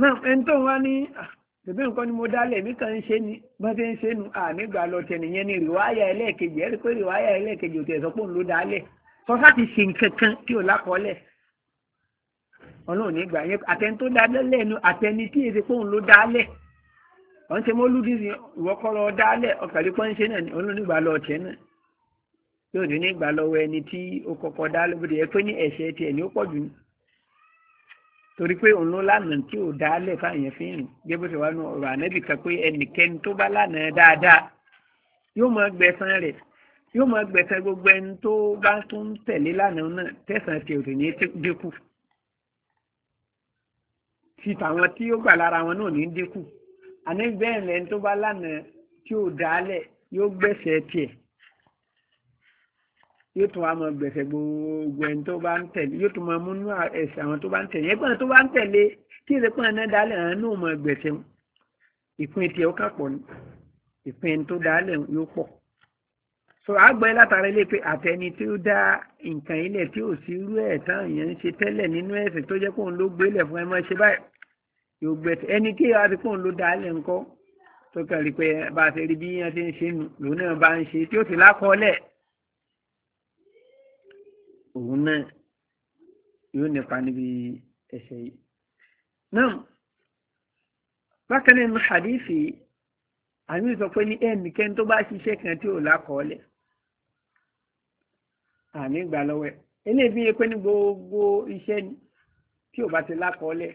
náà ẹni tó wá ní ah, bèbè nǹkan ni mo dálẹ̀ mi kàn ń ṣe ni bá ṣe ń ṣe nu àmì ìgbà lọ tẹ̀ nìyẹn ni rìwáyà ẹlẹ́ẹ̀kejì ẹ̀rí pé rìwáyà ẹlẹ́ẹ̀kejì ò tẹ̀ sọ pé òun ló dálẹ̀ sọ sáà ti ṣe nǹkan kan tí ò lákọọ́lẹ̀ ọlọ́run nígbà yẹn àtẹni tó dá lẹ́nu àtẹni tí èsì pòun ló dá ọ̀n ṣe mọ́lúdí ìwọ́kọ́rọ̀ dá lẹ̀ ń ṣe náà ọlọ́run nígbà lọ ọ̀tẹ̀ náà yóò ní nígbà lọ́wọ́ ẹni tí ó kọ́kọ́ dá lóbodè ẹ pé ní ẹ̀ṣẹ̀ tiẹ̀ ni ó pọ̀ jù ní torí pé òun ló lánàá tí ò dá lẹ̀ fáyẹn fi rìn gẹ́gẹ́ bó ṣe wá nu ọ̀rọ̀ ànábì kan pé ẹnikẹ́ni tó bá lánàá dáadáa yóò máa gbẹ̀san rẹ̀ yóò máa gbẹ̀san gbogbo ẹni tó bá tún tẹ̀lé lánàá náà tẹ̀sán tiẹ̀ òtún ní dínkù ti tàwọn tí ó gbà lára wọn náà ní dínkù àní bẹ́ẹ̀ yóò tún wá mọ gbẹ̀sẹ̀ gbogbo ẹni tó bá ń tẹ̀lé yóò tún mọ múnú ẹ̀sẹ̀ àwọn tó bá ń tẹ̀lé ẹgbọ́n tó bá ń tẹ̀lé kí ìrẹ́pọ̀ náà dálẹ̀ hàn náà mọ gbẹ̀sẹ̀ wọn ìpín tiẹ̀ ó kà ni ìpín ẹni tó dálẹ̀ yóò pọ̀ so àgbẹ̀ látara ilé pé àtẹni tí ó dá nǹkan ilẹ̀ tí ò sí irú ẹ̀ tán èèyàn ń ṣe tẹ́lẹ̀ nínú ẹ̀sìn tó jẹ́ kóun ló ló dálẹ̀ òun náà yóò nípa níbi ẹ̀ṣẹ̀ yìí náà bákan náà hadithi àmì sọ pé ní ẹnìkẹ́ni tó bá ṣiṣẹ́ kan tí ò lákọọ́lẹ̀ àmì gbà lọ́wọ́ ẹ̀ eléyìí yẹ pé ní gbogbo iṣẹ́ tí ò bá ti lákọọ́lẹ̀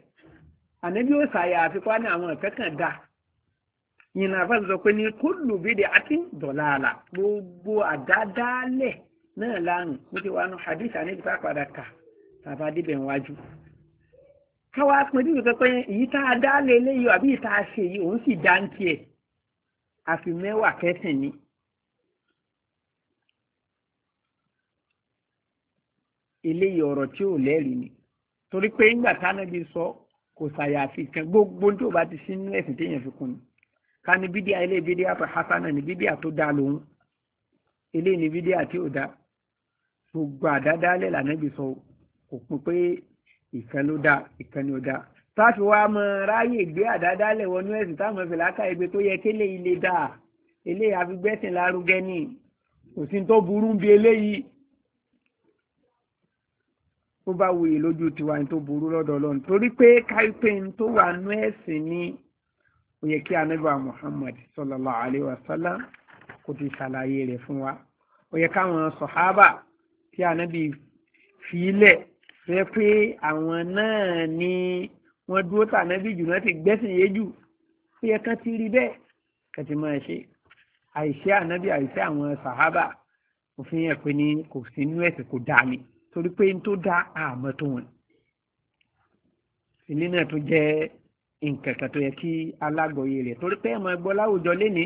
ànábí ó ṣàyà àfikún ní àwọn ìkẹ́kàn dáa yìnyín àfáàsì pé ní kó lùbídẹ̀ àti dọ̀làlà gbogbo àdádálẹ̀ náà lánàá bó ti wà nù hadith àníbi tá a padà kà tàbá débẹ̀ wájú káwá pín bí wípé pé èyí tá a dá lé léyìí àbí èyí tá a ṣe yìí òun sì dá ń tiẹ̀ àfi mẹ́wàá kẹsàn ni. eléyìí ọ̀rọ̀ tí ò lẹ́rìí ni torí pé ńgbà tánábi sọ kò ṣàyàfi kan gbogbo tí ò bá ti sínú ẹ̀sìn téèyàn fi kún ni ká ní bídíà ilé bídíà hasana ní bídíà tó dá lòun eléyìí ní bídíà tí ò dá gbogbo àdádálẹ̀ lànàbì sọ kò pín pé ìkan ló dáa ìkan ni ó dáa táfi wá mọ ráyè gbé àdádálẹ̀ wọnú ẹ̀sìn táwọn ọ̀fẹ́ láká egbe tó yẹ kélé ilé dáa eléyìí àfigbẹ́sìn lárugẹ ní kò sí tó burú bí eléyìí tó bá wuyì lójú tiwa ní tó burú lọ́dọ̀ ọlọ́run torí pé káyipé ní tó wà nú ẹ̀sìn ní ó yẹ kí anábà Muhammad sallallahu alaihi wasallam kò ti ṣàlàyé rẹ̀ fún wa ó káwọn sọ̀hábà tí ànábì fílẹ̀ fẹ́ pé àwọn náà ni wọ́n dúró tànábì jù náà ti gbẹ́sìn yé jù ó yẹ kán ti rí bẹ́ẹ̀ kàn ti máa ṣe àìṣe ànábì àìṣe àwọn sàhábà òfin ẹ̀ pé ní kò sí inú ẹ̀sìn kò dáa ni torí pé n tó dá àmọ́ tó wọn ilé náà tó jẹ́ nǹkan kan tó yẹ kí alágbọ̀ye rẹ̀ torí pé ẹ̀ máa láwùjọ lénìí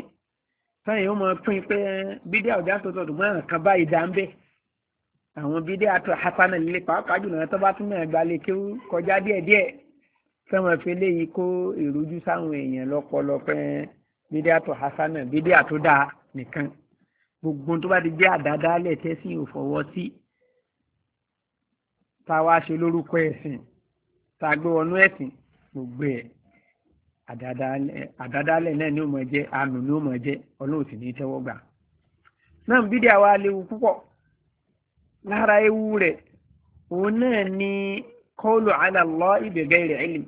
sáyẹn ó máa pín pé bídíà ọ̀dà tó tọ̀dù mọ́ àǹkan báyìí dá ń bẹ́ẹ̀ àwọn bídé àti hasana lílé pàápàá jùlọ tó bá tún náà gbalẹ̀ kí ó kọjá díẹ̀díẹ̀ fẹ́wọ̀n fi léyìí kó ìrújú sáwọn èèyàn lọ́pọ̀lọpọ̀ bídé àti hasana bídé àti dáa nìkan gbogbo tó bá ti jẹ́ àdádálẹ̀ tẹ́sìn ò fọwọ́ sí tá a wá ṣe lórúkọ ẹ̀sìn tá a gbé wọnú ẹ̀sìn gbogbo ẹ̀ àdádálẹ̀ náà ni ó mọ̀ jẹ́ àánú ni ó mọ̀ jẹ́ ọlọ́run sì ní tẹ́wọ́ gbà náà bídé àwa léwu púpọ̀ lára ewu rẹ̀ òun náà ni kọ́ọ̀lù ala lọ bi ghairi ilm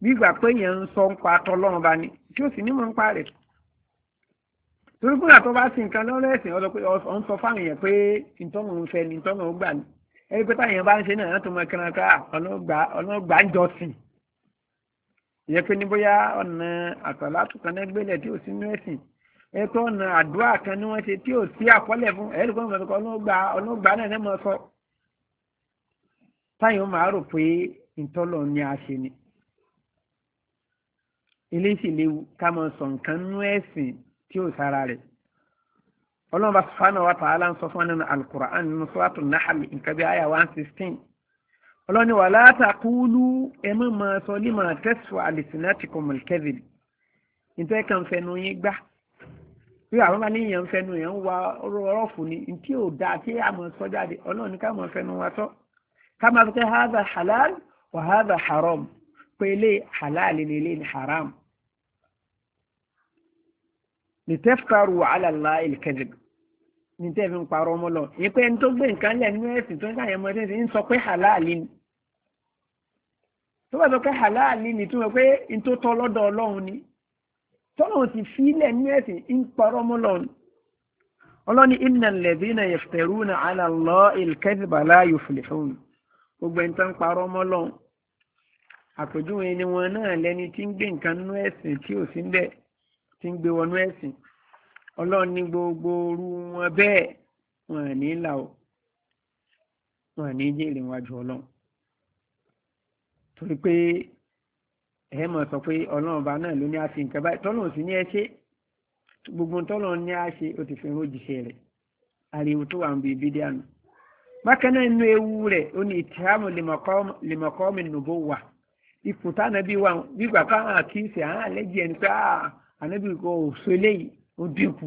gbígbà pé yẹn ń sọ ń pa bá ní tí ó sì ní mọ̀ ń pa rẹ̀ torí fúnra tó bá sin nǹkan ẹ̀sìn pé ọ̀ ń sọ fáwọn èèyàn pé ìtọ́nà ń ní ẹni pé bá ń ṣe náà ní ọ̀nà ètò ọ̀nà àdúrà kan ni wọ́n ṣe tí ò sí àkọọ́lẹ̀ fún ẹ̀rí kó mọ̀tò ọlọ́gbà ọlọ́gbà náà mọ̀ sọ. táyọ̀ máa rò pé ìtọ́lọ̀ ni a ṣe ni. ilé sì léwu ká mọ̀ sọ nǹkan nú ẹ̀sìn tí ò sára rẹ̀. ọlọ́run bá subhanahu wa ta'ala ń sọ fún nínú al-Qur'an nínú suratul Nahl nǹkan bí àyà one sixteen. ọlọ́run ni wala taqulu ẹ bí àwọn bá ní èèyàn fẹnu èèyàn wa ọ̀rọ̀ fún ni tí ò dáa tí a mọ̀ sọ jáde ọlọ́run ní ká mọ̀ fẹnu wa tọ́ ká máa fi pé haza halal wa haza haram pé ilé halal ilé ni haram ní tẹ́fkaru ala Allah al ní tẹ́fì ń parọ́ mọ́ lọ ní pé ẹni tó gbé nǹkan lẹ̀ nínú ẹ̀sìn tó ń ká yẹn mọ́ ẹ̀sìn ń sọ pé halal ni tó bá sọ pé halal ni túmọ̀ pé ní tó tọ́ lọ́dọ̀ ọlọ́run ni tọ́lọ̀ ti fílẹ̀ ní ẹ̀sìn ń parọ́ mọ́ lọ́n ọlọ́ni innal ladhina yaftaruna ala Allahi al-kadhiba la yuflihun gbogbo ẹni tó ń parọ́ mọ́ lọ́n àpèjúwe ni wọn náà lẹni tí ń gbé nǹkan nínú ẹ̀sìn tí ò sí bẹ́ẹ̀ tí ń gbé wọnú ẹ̀sìn ọlọ́run ní gbogbo orú wọn bẹ́ẹ̀ wọn ní là ó wọn ní jèrè wájú ọlọ́run torí pé ẹ mọ̀ sọ pé ọlọ́run bá náà ló ní àfi nǹkan báyìí tọ́lọ̀ sí ní ẹ ṣe gbogbo tọ́lọ̀ ní a ṣe ó ti fi hàn òjìṣẹ́ rẹ̀ ariwo tó wà ń bi bídí àná bákan náà inú ewu rẹ̀ ó ní ìtìhámù lèmọ̀kọ́mì nùbó wà ipò tánàbí wà nígbà káwọn àkíyèsí àwọn àlẹ́jì ẹni pé ah, ànábì kò sọ eléyìí ó dínkù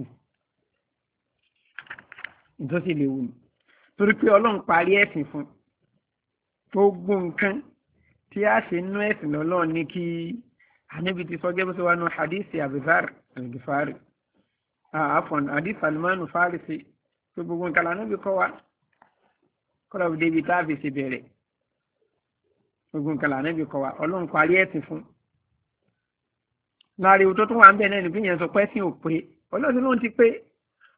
nítorí pé ọlọ́run parí ẹ̀sìn fún gbogbo nǹkan tí a ṣe nú ẹ̀sìn lọ́lọ́ọ̀ ní kí ànábi ti sọ gẹ́gẹ́ bó ṣe wà nù hadithi abizar al-gifari àfọ̀n hadith salmanu farisi tó gbogbo nǹkan ànábi kọ́ wa kọ́lá òde ibi tá a fi ṣe bẹ̀rẹ̀ gbogbo nǹkan ànábi kọ́ wa ọlọ́run parí ẹ̀sìn fún láàrin òtó tó wà ń bẹ̀ náà nígbìn yẹn sọ pé ẹ̀sìn ò pé ọlọ́run ló ń ti pé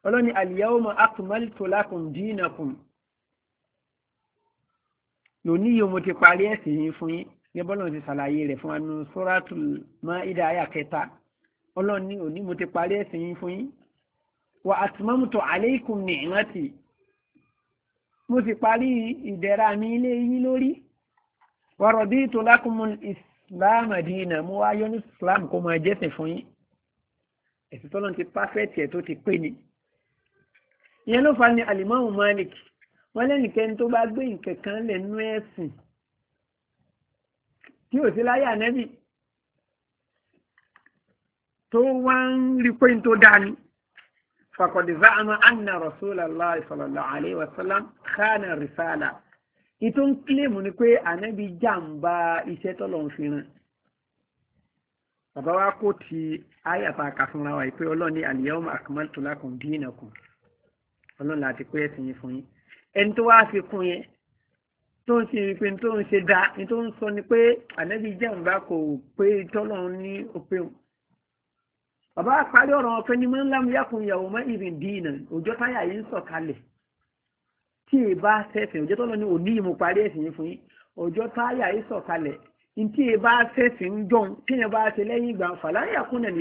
ọlọ́run ni al-yawma akmaltu lakum dinakum òní yìí mo ti parí ẹ̀sìn yín fún yín ní bọ́lọ̀ ti ṣàlàyé rẹ̀ fún anú suratul Maida àyà kẹta ọlọ́run ní òní mo ti parí ẹ̀sìn yín fún yín wa atmamtu alaykum ni'mati mo ti parí ìdẹ̀ra mi ilé yín lórí wa raditu lakumul islam dina mo wá yọ ní islam kó máa jẹ́sìn fún yín ẹ̀sìn tọ́lọ́run ti pàfẹ́tì ẹ̀ tó ti pé ni ìyẹn ló fa ni alimamu Malik wọ́n lẹ́nìkẹ́ni tó bá gbé nǹkan kan lẹ́nu ẹ̀sìn tí ò sí láyé ànẹ́bì tó wá ń rí pé tó dání fàkọ̀dì záàmù anna rasulullahi sallallahu alaihi wasallam khana risala ìtò ń kílèmù ni pé ànẹ́bì jàǹbá iṣẹ́ tọ́lọ̀ ń fìràn bàbá wa kò ti àyàtà kàfúnra wa ìpé ọlọ́ni al yawma akmaltu lakum ọlọ́ni láti pé ẹ̀sìn yìí fún yín ẹni tó wá fi kún yẹn tó ń ṣe ìpín tó ń ṣe dáa ní tó ń sọ ni pé ànábì jàǹbá kò pé tọ́lọ́run ní òpin bàbá parí ọ̀rọ̀ ọ̀fẹ́ ni mọ́ ńlá mi yàkùn ìyàwó mọ́ ìrìn dìínà òjò táyà yìí ń sọ̀kalẹ̀ tí ì bá sẹ́sìn òjò tọ́lọ́ ni òní ìmú parí ẹ̀sìn yìí fún yín òjò táyà yìí sọ̀kalẹ̀ ntí ì bá sẹ́sìn ń jọun tí yẹn bá ṣe lẹ́yìn ìgbà fàlà yàkùn ni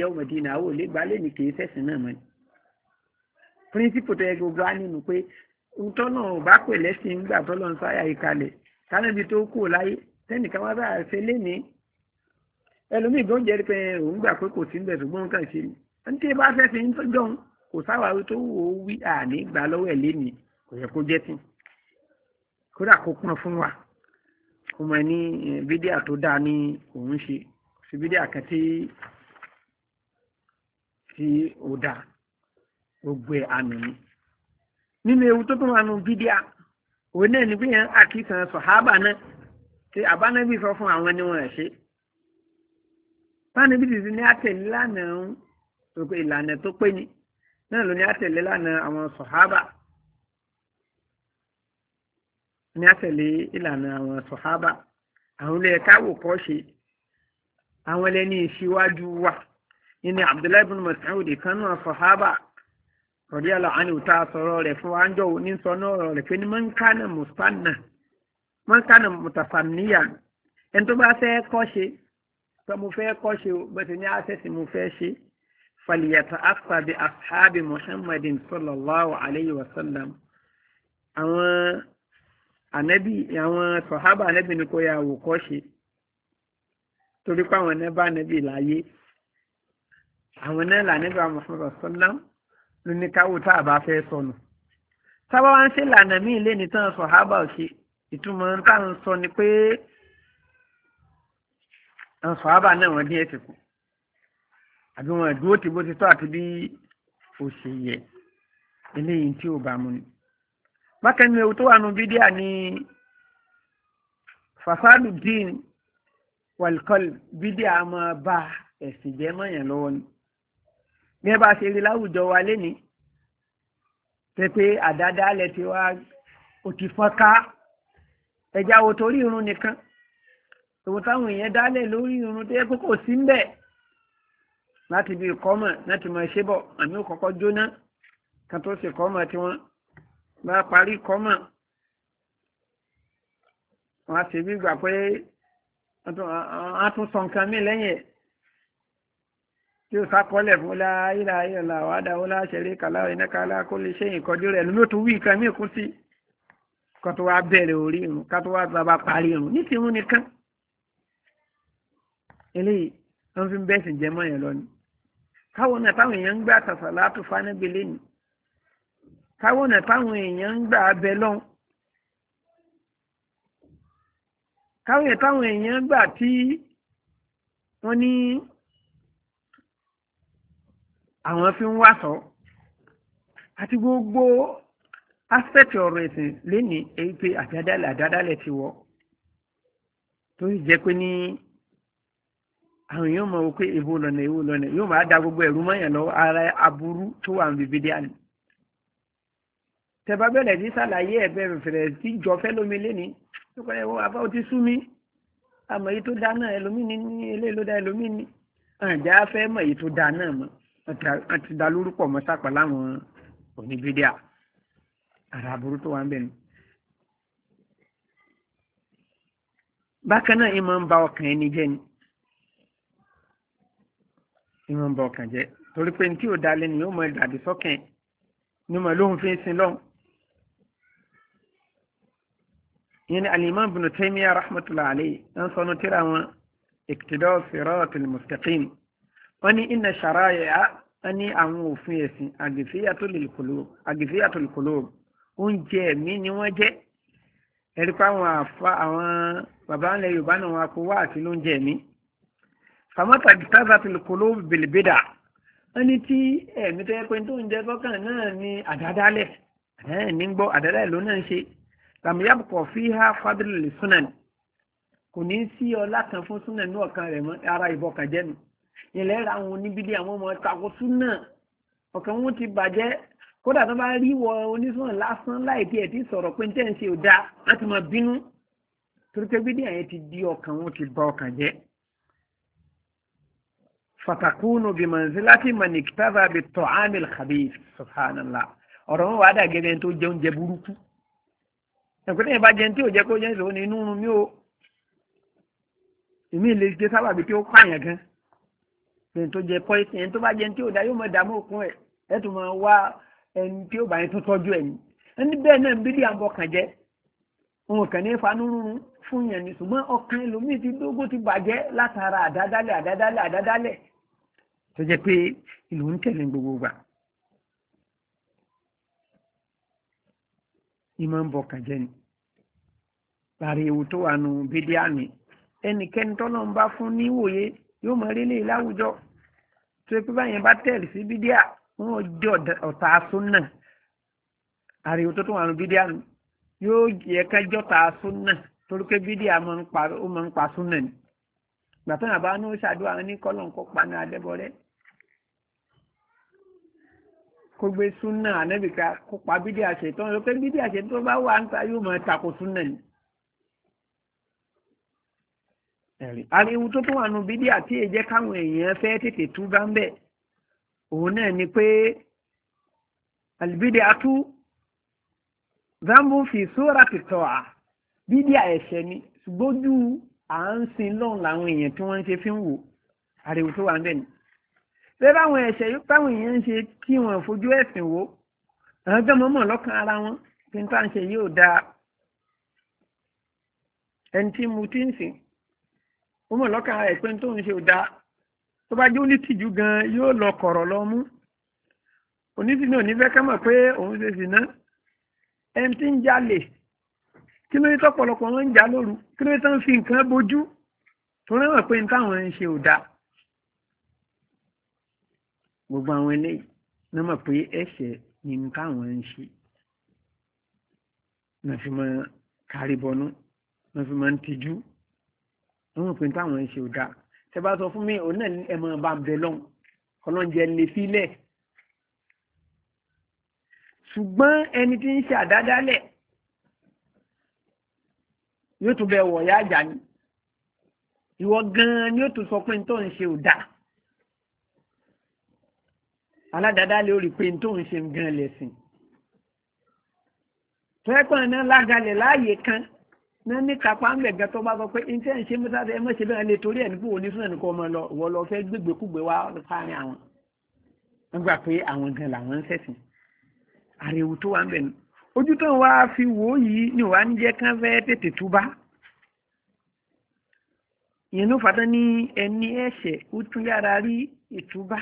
píríncípù tó yẹ gbogbo á nínú pé ntọ́nà ọba pẹ̀lẹ́ sí ń gbà tọ́lọ́ ń sáyà ìkalẹ̀ kánẹ́bí tó kù láyé tẹ́nìkan wá bá ṣe léni ẹlòmíì gan jẹ́ pé òun gbà pé kò sí níbẹ̀ ṣùgbọ́n kàn ṣe ní tí bá fẹ́ fi ń tọ́jọ́ kò sáwàá tó wò ó wí àní gbà lọ́wọ́ ẹ̀ léni kò yẹ kó jẹ́ tì kódà kó pọn fún wa kó mọ ní bídíà tó dáa ní òun ṣe sí bídíà kan tí tí dáa gbogbo ẹ̀ àmì ni nínú ewu tó tún wà nù bídíà òun náà ní bí yẹn àkíyàn sọ̀hábà náà tí àbánábì sọ fún àwọn ẹni wọn ẹ̀ ṣe bánábì sì ní àtẹ̀lé lánàá ìlànà tó pé ni náà ló ní àtẹ̀lé lánàá àwọn sọ̀hábà ní àtẹ̀lé ìlànà àwọn sọ̀hábà àwọn ilé ẹ̀ka wò kọ́ ṣe àwọn ẹlẹ́ni ìṣíwájú wa ní Abdullahi bin Mas'ud kan náà sọ̀hábà rọ̀dí àlàáni ò tá a sọ̀rọ̀ rẹ̀ fún wáńjọ́ òní sọ náà rọ̀ rẹ̀ pé ní mọ́ńkánà mùsànà mọ́ńkánà mùtàfàníyà ẹni tó bá fẹ́ kọ́ ṣe pé mo fẹ́ kọ́ ṣe o bẹ́ẹ̀ ni àṣẹ̀sì mo fẹ́ ṣe fàlìyàtà àfàbí àfàbí muhammadin sallallahu alayhi wa sallam àwọn ànábì àwọn sọ̀hábà ànábì ni kò yà wò kọ́ ṣe torí pé àwọn ẹ̀nẹ́ bá àwọn ẹ̀nẹ́ là ànábì wa sallam ní káwó tá a bá fẹ́ sọnù sábà wá ń ṣe lànà míì lẹ́ni tán sọ̀hábà ṣe ìtumọ̀ tá à sọ ni pé àwọn sọ̀hábà náà wọ́n dín ẹ̀sìn kù àbí wọn ìdúró ti bó ti tọ́ àti bí ó ṣe yẹ eléyìí tí ò bá mu ni. bákan ní ewu tó wà nù bídíà ni fasadu dín wàlúkọ́lù bídíà máa bá ẹ̀sìn jẹ́ mọ́yàn lọ́wọ́ ni ní ẹ bá ṣe rí láwùjọ wa lénìí pẹ́pẹ́ àdádálẹ̀ tí wá ó ti fọ́nká ẹja wo torí irun nìkan èwo táwọn èèyàn dálẹ̀ lórí irun tó yẹ pé kò sí ń bẹ̀ láti bí ìkọ́mọ̀ láti máa ṣe bọ̀ àmì òkọ́kọ́ jóná kan tó ṣe kọ́mọ̀ tí wọ́n bá parí kọ́mọ̀ wọ́n á ṣe bí ìgbà pé wọ́n á tún sọ nǹkan mí lẹ́yìn ẹ̀ tí ó sákọ́lẹ̀ fún láìra ìrìnlá àwádà ó láṣẹrí kàláwọ̀ ìnákàlá kó lè ṣe ìkọjú rẹ̀ lómi ó tún wí nǹkan mí kún sí kó tó wá bẹ̀rẹ̀ orí irun ká tó wá bàbá parí irun ní tìrún nìkan eléyìí wọ́n fi ń bẹ́ẹ̀ sì jẹ́ mọ́ yẹn lọ ni káwọn náà táwọn èèyàn ń gbà tàṣà látò fánábìlẹ̀ ni káwọn náà táwọn èèyàn ń gbà abẹ lọ́hùn káwọn náà táwọn èèyàn ń gbà tí wọ́n ní àwọn fi ń wàsọ àti gbogbo aspect ọ̀rọ̀ ẹ̀sìn lénìí èyí pé àdádálẹ̀ àdádálẹ̀ ti wọ̀ tó sì jẹ́ pé ní àwọn èèyàn mọ̀ pé èwo lọ́nà èwo lọ́nà yóò máa da gbogbo ẹ̀rú mọ́yàn lọ́wọ́ ara aburú tó wà ní bíbí díà ni. tẹ̀bá bẹ̀rẹ̀ sí ṣàlàyé ẹ̀ bẹ̀rẹ̀ fẹ̀rẹ̀ sí jọ fẹ́ lómi lénìí tó kọ́ ẹ̀wọ́ àbá ó ti sú mi àmọ́ èyí tó dá náà ẹlòmíì ní eléyìí ló dá ẹlòmíì ní àǹjá fẹ́ mọ̀ èyí tó dá mọ́ àti dalúrúpọ̀ mọ́ sápà láwọn oníbídíà ara aburú tó wà ń bẹ̀ ni. bákan náà ìmọ̀ ń ba ọkàn ẹni jẹ́ ni ìmọ̀ ń ba ọkàn jẹ́ torí pé ní tí ò dalẹ̀ ni yóò mọ ìdàdí sọ́kàn ni mo lóhun fi ń sin lọ́hùn. ìyẹn ni alimam ibn Taymiyyah rahmatullahi ń sọnu tíra wọn iqtida siratil mustaqim wọ́n ní iná ṣàráyà wọ́n ní àwọn òfin ẹ̀sìn àgìfíyàtò lùkòlóòbù oúnjẹ ẹ̀mí ni wọ́n jẹ́ ẹ̀rí pa àwọn àfa àwọn bàbá ńlẹ̀ yorùbá náà wọn kó wá àti lóúnjẹ ẹ̀mí fàmọ́tà gìtàzàtò lùkòlóòbù bèlèbèdà wọ́n ní tí ẹ̀mí tó yẹ pé tó ń jẹ tọ́kàn náà ni àdádálẹ̀ àdádálẹ̀ ní gbọ́ àdádálẹ̀ ló náà ń ṣe làmúyàbùkọ̀ fíhá fadúlù lè súnà kò ní sí ọlá kan fún súnà ní ọ̀kan rẹ̀ mọ́ ara ìbọ̀kàn jẹ́nu ìlera àwọn oníbídé àwọn ọmọ tako súnà ọ̀kan wọn ti bàjẹ́ kódà tó bá rí wọ onísùn lásán láì tiẹ̀ ti sọ̀rọ̀ pé tẹ́ ń ṣe ò dáa láti máa bínú torí pé bídé àyẹ̀ ti di ọkàn wọn ti ba ọkàn jẹ́ fatakunu bi manzilati man iktaza bi ta'amil khabith subhanallah ọ̀rọ̀ wọn wà dà gẹ́gẹ́ tó jẹ oúnjẹ burúkú ẹ̀kọ́ tẹ́yìn bá jẹun tí ò jẹ́ kó jẹ́ ìṣòro ní inú mi ò èmi lè ṣe sábàbí tí ó pààyàn gan-an ẹni tó jẹ pọ́ìsì ẹni tó bá jẹ ẹni tí ò dá yóò mọ̀ dààmú òkun ẹ̀ ẹ tún máa wá ẹni tí ò bá yẹn tó tọ́jú ẹ̀ ni ẹni bẹ́ẹ̀ náà ń bí díà ń bọ̀ kàn jẹ́ òun kàn ní fanúrúru fún yẹn ni ṣùgbọ́n ọkàn ẹlòmíì ti dógún ti bàjẹ́ látara àdádálẹ̀ àdádálẹ̀ àdádálẹ̀ tó jẹ́ pé ìlú ń tẹ̀lé gbogbo gbà. ìmọ̀ ń bọ̀ kàn jẹ́ ni lára ewu tó wà nù bídíà ni ẹnikẹ́ni tọ́lọ́ ń bá fún níwòye yóò mọ eré lè láwùjọ tó pé báyẹn bá tẹ̀lé sí bídíà wọn ò jẹ́ ọ̀tá súnà àríwó tó tún wà nù bídíà nù yóò yẹ ká jọ́ta súnà torí pé bídíà ó máa ń pa súnà ni gbàtọ́ nàbá ní ó ṣàdúrà ní kọ́lọ́n kó paná adébọ̀rẹ́ kó gbé súnà ànẹ́bìkà kó pa bídíà ṣe tó ń bídíà ṣe tó bá wà ń ta yóò máa takò súnà ni ẹ̀rí ariwo tó tún wà nù bídí àti èjẹ́ káwọn èèyàn fẹ́ tètè tú bá ń bẹ̀ òun náà ni pé àlùbídí atú zambu fi sóra tìtọ́ à bídí àẹ̀ṣẹ̀ ni gbójú à ń sin lọ́hùn làwọn èèyàn tí wọ́n ń ṣe fi ń wò ariwo tó wà ń bẹ̀ ni pé báwọn ẹ̀ṣẹ̀ yóò táwọn èèyàn ń ṣe kí wọ́n fojú ẹ̀sìn wò àwọn tó lọ́kàn ara wọn kí n tó ń ṣe yóò dáa ẹni tí mo ti ń sìn ó mọ̀ lọ́kàn rẹ̀ pé tó ń ṣe ò dáa tó bá jẹ́ onítìjú gan yóò lọ kọ̀rọ̀ lọ mú onítìjú náà nífẹ̀ẹ́ ká mọ̀ pé òun ṣe sì ná ẹni tí ń jalè kí ló yẹ tó pọ̀lọpọ̀ wọn ń jà lóru kí ló yẹ tó ń fi nǹkan bojú tó rẹ̀ mọ̀ pé táwọn ń ṣe ò dáa gbogbo àwọn eléyìí ní mọ̀ pé ẹ̀ṣẹ̀ ni táwọn ń ṣe náà fi mọ kárí bọnú náà fi mọ ń tijú wọn pè táwọn ń ṣe ò dáa tẹ bá sọ fún mi òun náà ẹ mọ bá ń bẹ lọ́hùn ọlọ́njẹ lè sílẹ̀ ṣùgbọ́n ẹni tí ń ṣe àdádálẹ̀ yóò tún bẹ wọ̀ ya àjà ni ìwọ gan-an ni yóò tún sọ pé tó ń ṣe ò dáa aládàádálẹ̀ ó rí pé tó ń ṣe gan-an lẹ̀sìn tó ẹ́ pọ̀ náà lágalẹ̀ láàyè kan ní ní kápá ń gbẹ̀gẹ́ tó bá sọ pé ní tẹ́yìn ṣe mẹ́ta ẹ mọ́ṣẹ́ bẹ́ẹ̀ lè torí ẹ̀ nípò òní súnà nìkan ọmọ lọ wọ́n lọ fẹ́ gbégbékúgbé wá fáárín àwọn wọ́n pé àwọn gan làwọn ń ṣẹ̀sìn àrèwù tó wà ń bẹ̀ ni ojú tó ń wá fi wò yìí ni wàá ń jẹ́ kán fẹ́ tètè túbá ìyẹn ló fàtán ní ẹni ẹ̀ṣẹ̀ ó tún yára rí ìtúbá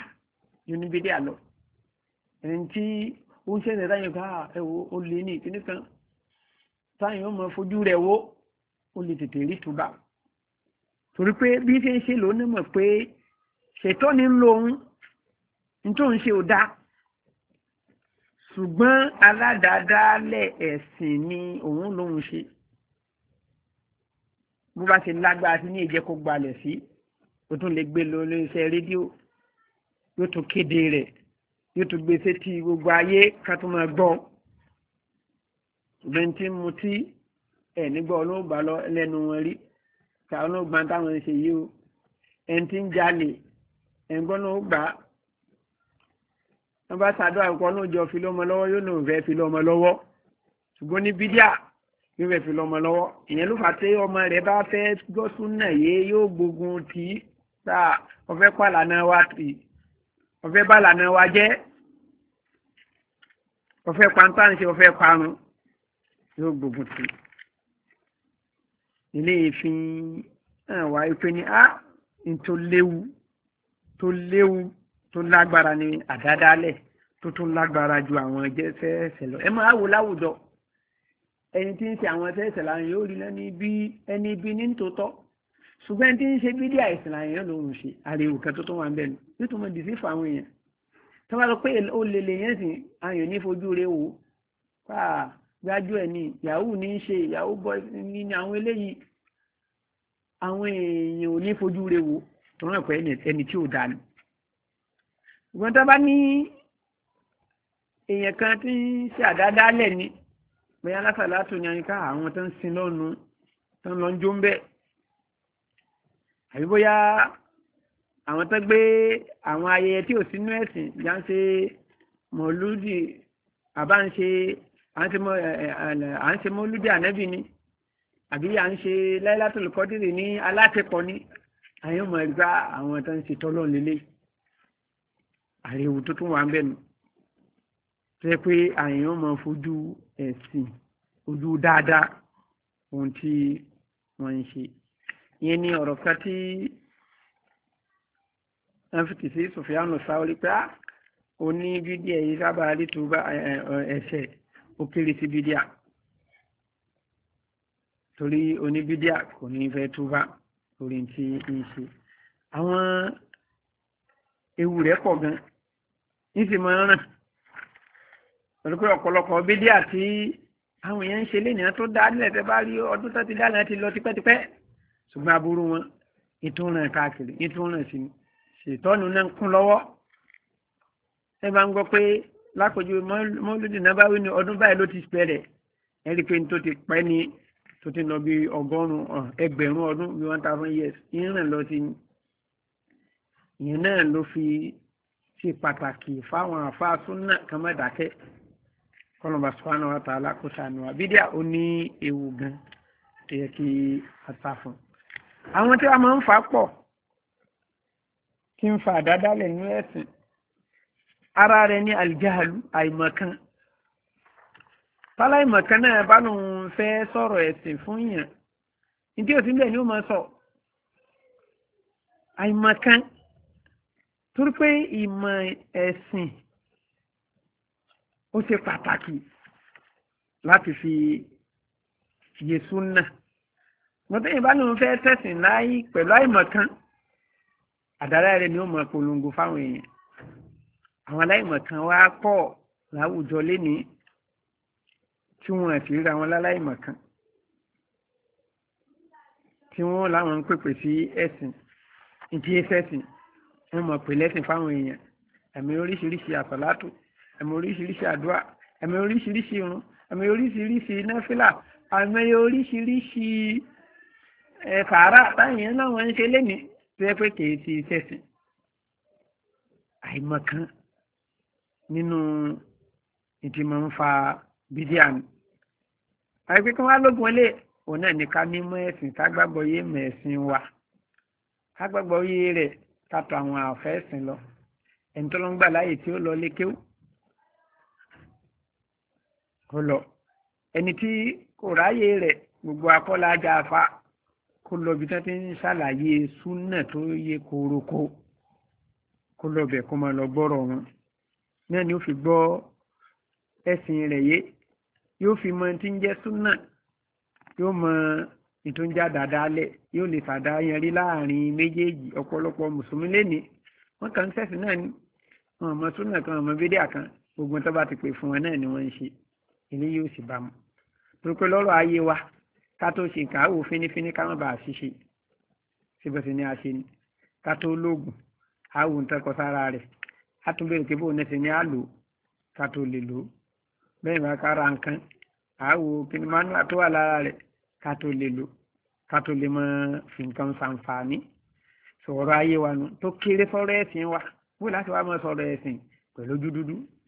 yonibede àlọ́ ẹni tí ó ń ṣẹ̀ṣẹ̀ táyọ̀ ah, fojú rẹ̀ wò ó lè tètè rí túbà torí pé bí ṣe ń ṣe lòun ní mọ̀ pé ṣètọ́ ni ń lo ohun tó ń ṣe ò dáa ṣùgbọ́n aládàádáálẹ̀ ẹ̀sìn ni òun lòun ṣe bó bá ṣe lágbára sí ní ìjẹ́ kó gbalẹ̀ sí o tún lè gbé lọ iléeṣẹ́ rédíò yóò tún kéde rẹ̀ yóò tún gbé sétí gbogbo ayé ká tún máa gbọ́ ọ̀gbẹ́ni tí mo ti ẹ̀ nígbà olóògbà lọ lẹ́nu wọn rí ta olóògbà táwọn ṣe yìí o ẹni tí ń jalè ẹ̀ńgbọ́n náà gbà á wọ́n bá ṣàdúrà nǹkan náà jọ fi lọ́mọ lọ́wọ́ yóò náà fẹ́ fi lọ́mọ lọ́wọ́ ṣùgbọ́n ní bídíà yóò fẹ́ fi lọ́mọ lọ́wọ́ ìyẹn ló fà á pé ọmọ rẹ̀ bá fẹ́ gbọ́sùn náà yé yóò gbógun tì í tá ọfẹ́ pàlànà wa tì í ọfẹ́ bàlànà wa jẹ́ ọfẹ́ pàǹtà ọfẹ́ parun yóò gbógun tì í ilé ìfin hàn wá pé ní a tó léwu tó léwu tó lágbára ní àdádálẹ̀ tó tún lágbára ju àwọn jẹ́sẹ̀ẹ́sẹ̀ lọ ẹ máa wò láwùjọ ẹni tí ń ṣe àwọn ẹsẹ̀ẹsẹ̀ láàrin yóò rí lẹ́ni bí ẹni bí ní tòótọ́ ṣùgbọ́n ẹni tí ń ṣe bídí àìsàn láàrin yóò lòun ṣe àríwò kan tó tún wà ń bẹ̀ nù nítorí mo dìsí fún àwọn èèyàn tó bá lọ pé ó lè lè yẹn sìn àyàn ní fojú rẹ wò pàà gbájú ẹ̀ ní yahoo ní í ṣe yahoo boy ní àwọn eléyìí àwọn èèyàn ò ní fojú rẹ wò tó pẹ́ ẹni tí ò dá ni. ìgbọ́n tó bá ní èèyàn kan tí ń ṣe àdádálẹ̀ ni bóyá lásàlátò ní àyíká àwọn tó ń sin lọ́nu tó ń lọ jó ń bẹ̀. àbí bóyá àwọn tó gbé àwọn ayẹyẹ tí ò sínú ẹ̀sìn yá ń ṣe mọ̀lúdì àbá ń ṣe à ń ṣe mọ́lúdí ànẹ́bì ni àbí à ń ṣe láìlátòlù kọ́dìrì ní alátẹ̀kọ́ ní àyàn mọ̀ ẹ̀gbá àwọn tó ń ṣe tọ́lọ́ lélẹ̀ àríwú tó tún wà ń bẹ̀nu tó yẹ pé àyàn mọ̀ fojú ẹ̀sìn ojú dáadáa ohun tí wọ́n ń ṣe ìyẹn ni ọ̀rọ̀ kan tí wọ́n fi tì sí Sùfìyánù Sáwọ́lì pé ó ah, ní bídíẹ̀ yìí sábà rí tó bá ẹ̀ṣẹ̀ ó kéré sí bídíà torí oníbídíà kò ní fẹ́ túbá lórí tí ń ṣe àwọn ewu rẹ̀ pọ̀ gan ní sì máa ń ràn pẹ̀lú pé ọ̀pọ̀lọpọ̀ bídíà tí àwọn èèyàn ń ṣe léèyàn tó dá nílẹ̀ tẹ́ bá rí ọdún tó ti dáná ti lọ tipẹ́tipẹ́ ṣùgbọ́n aburú wọn ìtúnràn káàkiri ìtúnràn sí ni ṣètọ́nu náà ń kún lọ́wọ́ ẹ bá ń gbọ́ pé lápèjúwe mọ́lódì nàbáwí ni ọdún báyìí ló ti bẹ̀rẹ̀ ẹ̀rí pé tó ti pẹ́ ni tó ti lọ bí ọgọ́rùn-ún ẹgbẹ̀rún ọdún bí one thousand years ìrìn lọ sí ìyẹn náà ló fi ṣe pàtàkì fáwọn àfáà súnà kan má dákẹ́ kọlọmọ sùpánà wa tààlà kó sànù wa bídíà ó ní ewu gan tó yẹ kí a ta fún àwọn tí wàá máa ń fà pọ̀ kí n fa àdádálẹ̀ nínú ẹ̀sìn ara rẹ̀ ní alìjáàlú àìmọ̀kan táláìmọ̀kan náà bá lòun fẹ́ sọ̀rọ̀ ẹ̀sìn fún yàn ní tí òsín bẹ́ẹ̀ ni ó máa sọ àìmọ̀kan torí pé ìmọ̀ ẹ̀sìn ó ṣe pàtàkì láti fi yé súnà mọ̀tẹ́yìn bá lòun fẹ́ tẹ̀sìn láì pẹ̀lú àìmọ̀kan àdára rẹ̀ ni ó máa polongo fáwọn èèyàn àwọn aláìmọ̀kan wá pọ̀ láwùjọ lénìí tí wọ́n ti ríra wọn láláìmọ̀kan tí wọ́n láwọn ń pèpè sí ẹ̀sìn ìdí ẹ̀sẹ̀sìn wọ́n mọ̀ pè lẹ́sìn fáwọn èèyàn ẹ̀mí oríṣiríṣi àsàlátù ẹ̀mí oríṣiríṣi àdúrà ẹ̀mí oríṣiríṣi irun ẹ̀mí oríṣiríṣi náfìlà ẹ̀mí oríṣiríṣi ẹ̀fàárà táyẹn láwọn ń ṣe lénìí tó yẹ pé kì í ti sẹ̀sìn àìmọ̀kan nínú ìdìmọ̀ ń fa bídíà ni. àìpé kí wọ́n á lógun ilé òun náà ní ká mímọ̀ ẹ̀sìn ká gbàgbọ́ yé mọ̀ ẹ̀sìn wa ká gbàgbọ́ yé rẹ̀ tàtọ̀ àwọn àfẹ́ ẹ̀sìn lọ ẹni tó ló ń gbà láàyè tí ó lọ lékéwú kó lọ ẹni tí kò ráyè rẹ̀ gbogbo akọ́lá ajá afa kó lọ bí tán ti ń ṣàlàyé súnà tó yẹ kórokó kó lọ bẹ̀ kó máa lọ gbọ́rọ̀ wọn náà ni ó fi gbọ́ ẹ̀sìn rẹ̀ yé yóò fi mọ tí ń jẹ́ súnà yóò mọ ìtúnjà dáadáa lẹ̀ yóò lè fàdá yanrí láàrin méjèèjì ọ̀pọ̀lọpọ̀ mùsùlùmí lẹ́ni wọ́n kàn ń sẹ̀sìn náà ni wọn àmọ́ súnà kan àmọ́ bídíà kan gbogbo tó bá ti pè fún wọn náà ni wọ́n ń ṣe ilé yóò sì bá mu torípé lọ́rọ̀ ayé wa ká tó ṣe nǹkan àwò fínífíní ká má bàa ṣiṣe síbẹ̀sí ni a ṣe ni ká tó lóògùn àwò ń tẹ́kọ̀ sára rẹ̀ á tún bẹ̀rẹ̀ pé bóun ẹsẹ̀ ni á lò ká tó lè lò bẹ́ẹ̀ máa ká ra nǹkan á wo pinnu mánú tó wà lára rẹ̀ ká tó lè lò ká tó lè mọ fi nǹkan ṣàǹfààní sọ̀rọ̀ ayé wa nu tó kéré sọ̀rọ̀ ẹ̀sìn wa wọ́n láti wá mọ sọ̀rọ̀ ẹ̀sìn pẹ̀lú ojú ṣe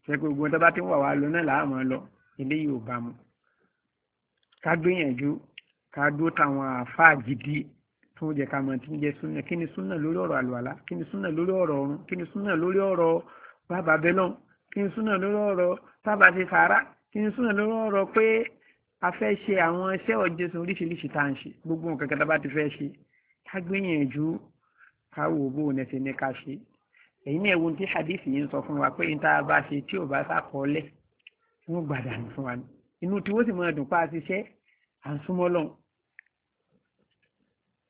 pé gbogbo ọ̀tá ti ń wà wá lọ náà làá lọ eléyìí ò bá mu ká gbìyànjú ká dúró táwọn àáfàá gidi tó jẹ́ ká mọ̀ tí súnà kí ni súnà lórí ọ̀rọ̀ àlùwàlá kí ni súnà lórí ọ̀rọ̀ ọ̀run kí ni súnà lórí ọ̀rọ̀ bàbá bẹ́lọ̀ kí ni súnà lórí ọ̀rọ̀ bàbá ti sàárà kí ni súnà lórí ọ̀rọ̀ pé a fẹ́ ṣe àwọn iṣẹ́ ọ̀jẹ̀sìn oríṣiríṣi tá à ń ṣe gbogbo nǹkan kan tá bá ti fẹ́ ṣe ká gbìyànjú ká wò bó o nẹsẹ̀ ní ká ṣe èyí ní ẹ̀wọ̀n tí hadith yìí ń sọ fún wa pé n tá bá ṣe tí ò bá sàkọọ́lẹ̀ wọ́n gbàdánù fún wa inú tí wọ́n sì pa àṣiṣẹ́ à ń súnmọ́ lọ́hùn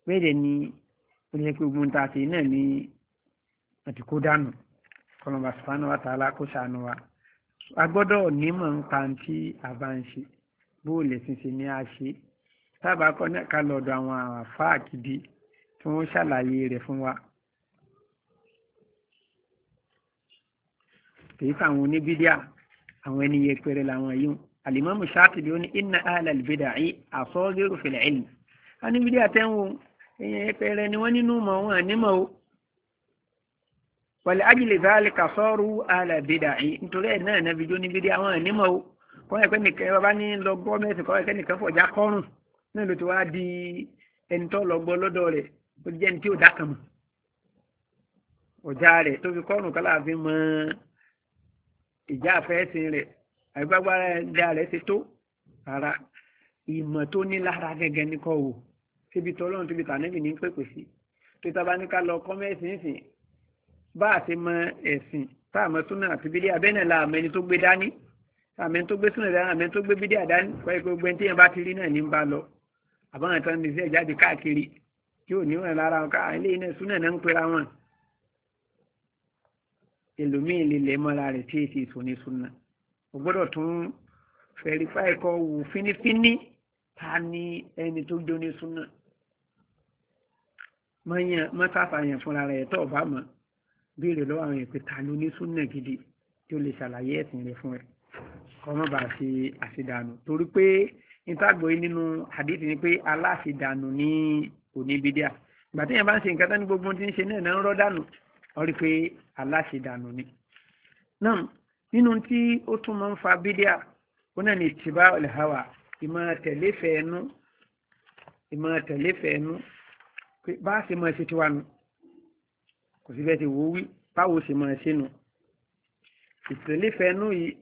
bẹ́ẹ̀ ni ó yẹ kí ogun tá a ṣe náà ní àtìkó dànù kọlọmọ subhanahu wa ta'ala kó ṣàánú wa a gbọ́dọ̀ nímọ̀ ń pa tí a bá ń ṣe bó lè ṣinṣin ni a ṣe tábà kọ́ náà ká lọ́dọ̀ àwọn àfáà gidi tí wọ́n ṣàlàyé rẹ̀ fún wa. kìí sáwọn oníbídíà àwọn ẹni yẹpẹrẹ làwọn yìí alimami Shatibi ó ní inna ahlal bid'ah asaghiru fil ilm oníbídíà tẹ́wọ̀n èèyàn ẹpẹrẹ ni wọ́n nínú mọ̀ wọn ànímọ̀ o wàlẹ̀ ajílẹ̀ fàálẹ̀ kàfọ́rù alàbìdà yìí nítorí ẹ̀ náà nàbí jó níbi dé àwọn ànímọ̀ o kọ́ ẹ̀kẹ́ nìkan bàbá ní lọ gbọ́ mẹ́sì kọ́ ẹ̀kẹ́ nìkan fọ̀já kọ́rùn náà ló ti wá di ẹni tó lọ gbọ́ lọ́dọ̀ rẹ̀ ó jẹ́ ní tí ò dákan mọ̀ ọ̀já rẹ̀ tó fi kọ́rùn kọ́lá fi mọ ìjà ìmọ̀ tó ní lára gẹ́gẹ́ ní kọ́ wò síbi tọ́lọ́run síbi tànẹ́bì ní pèpè sí tó tá a bá ní ká lọ kọ́mẹ́sì nísìn bá a ti mọ ẹ̀sìn tá a mọ súnà àti bídí abẹ́nẹ̀ la àmọ́ ẹni tó gbé dání àmọ́ ẹni tó gbé súnà dání àmọ́ ẹni tó gbé bídí àdání wáyé pé gbogbo ẹni tí yẹn bá ti rí náà ní ń bá lọ àbọ̀nà tán ní iṣẹ́ ìjáde káàkiri tí ò ní lára wọn ká ilé iná súnà náà ń pera wọn ẹlòmíì lè lẹ́ mọ́ra rẹ̀ tí èsì ìtòní súnà ò gbọ́dọ̀ tún fẹ̀rífà ẹ̀kọ́ wù fínífíní ta ni ẹni tó jóni súnà mọ́tàfàyàn fúnra rẹ̀ tọ́ ọ̀bá mọ́ béèrè lọ́wọ́ àwọn èpè ta ló ní súnà gidi tí ó lè ṣàlàyé ẹ̀sìn rẹ̀ fún ẹ kọ́mọ́ bá ṣe àṣedànù torí pé ìtàgbọ́ yìí nínú àdéhùn ni pé aláṣedànù ní oníbídíà ìgbà tí yẹn bá ń ṣe nǹkan tán ní gbogbo tí ń ṣe náà náà ń rọ́ dànù ọ rí pé aláṣedànù ni. náà nínú tí ó tún máa ń fa bídíà ó náà ní tìbá ọ̀lẹ́hàwà ìmọ̀ tẹ̀léfẹ̀ẹ́nu ìmọ̀ tẹ̀léfẹ̀ẹ́nu pé bá a ṣe mọ̀ ṣe tiwa nu kò sí bẹ́ẹ̀ ti wò ó wí báwo ṣe mọ̀ ṣe nu ìtẹ̀lẹ́fẹ́ nú yìí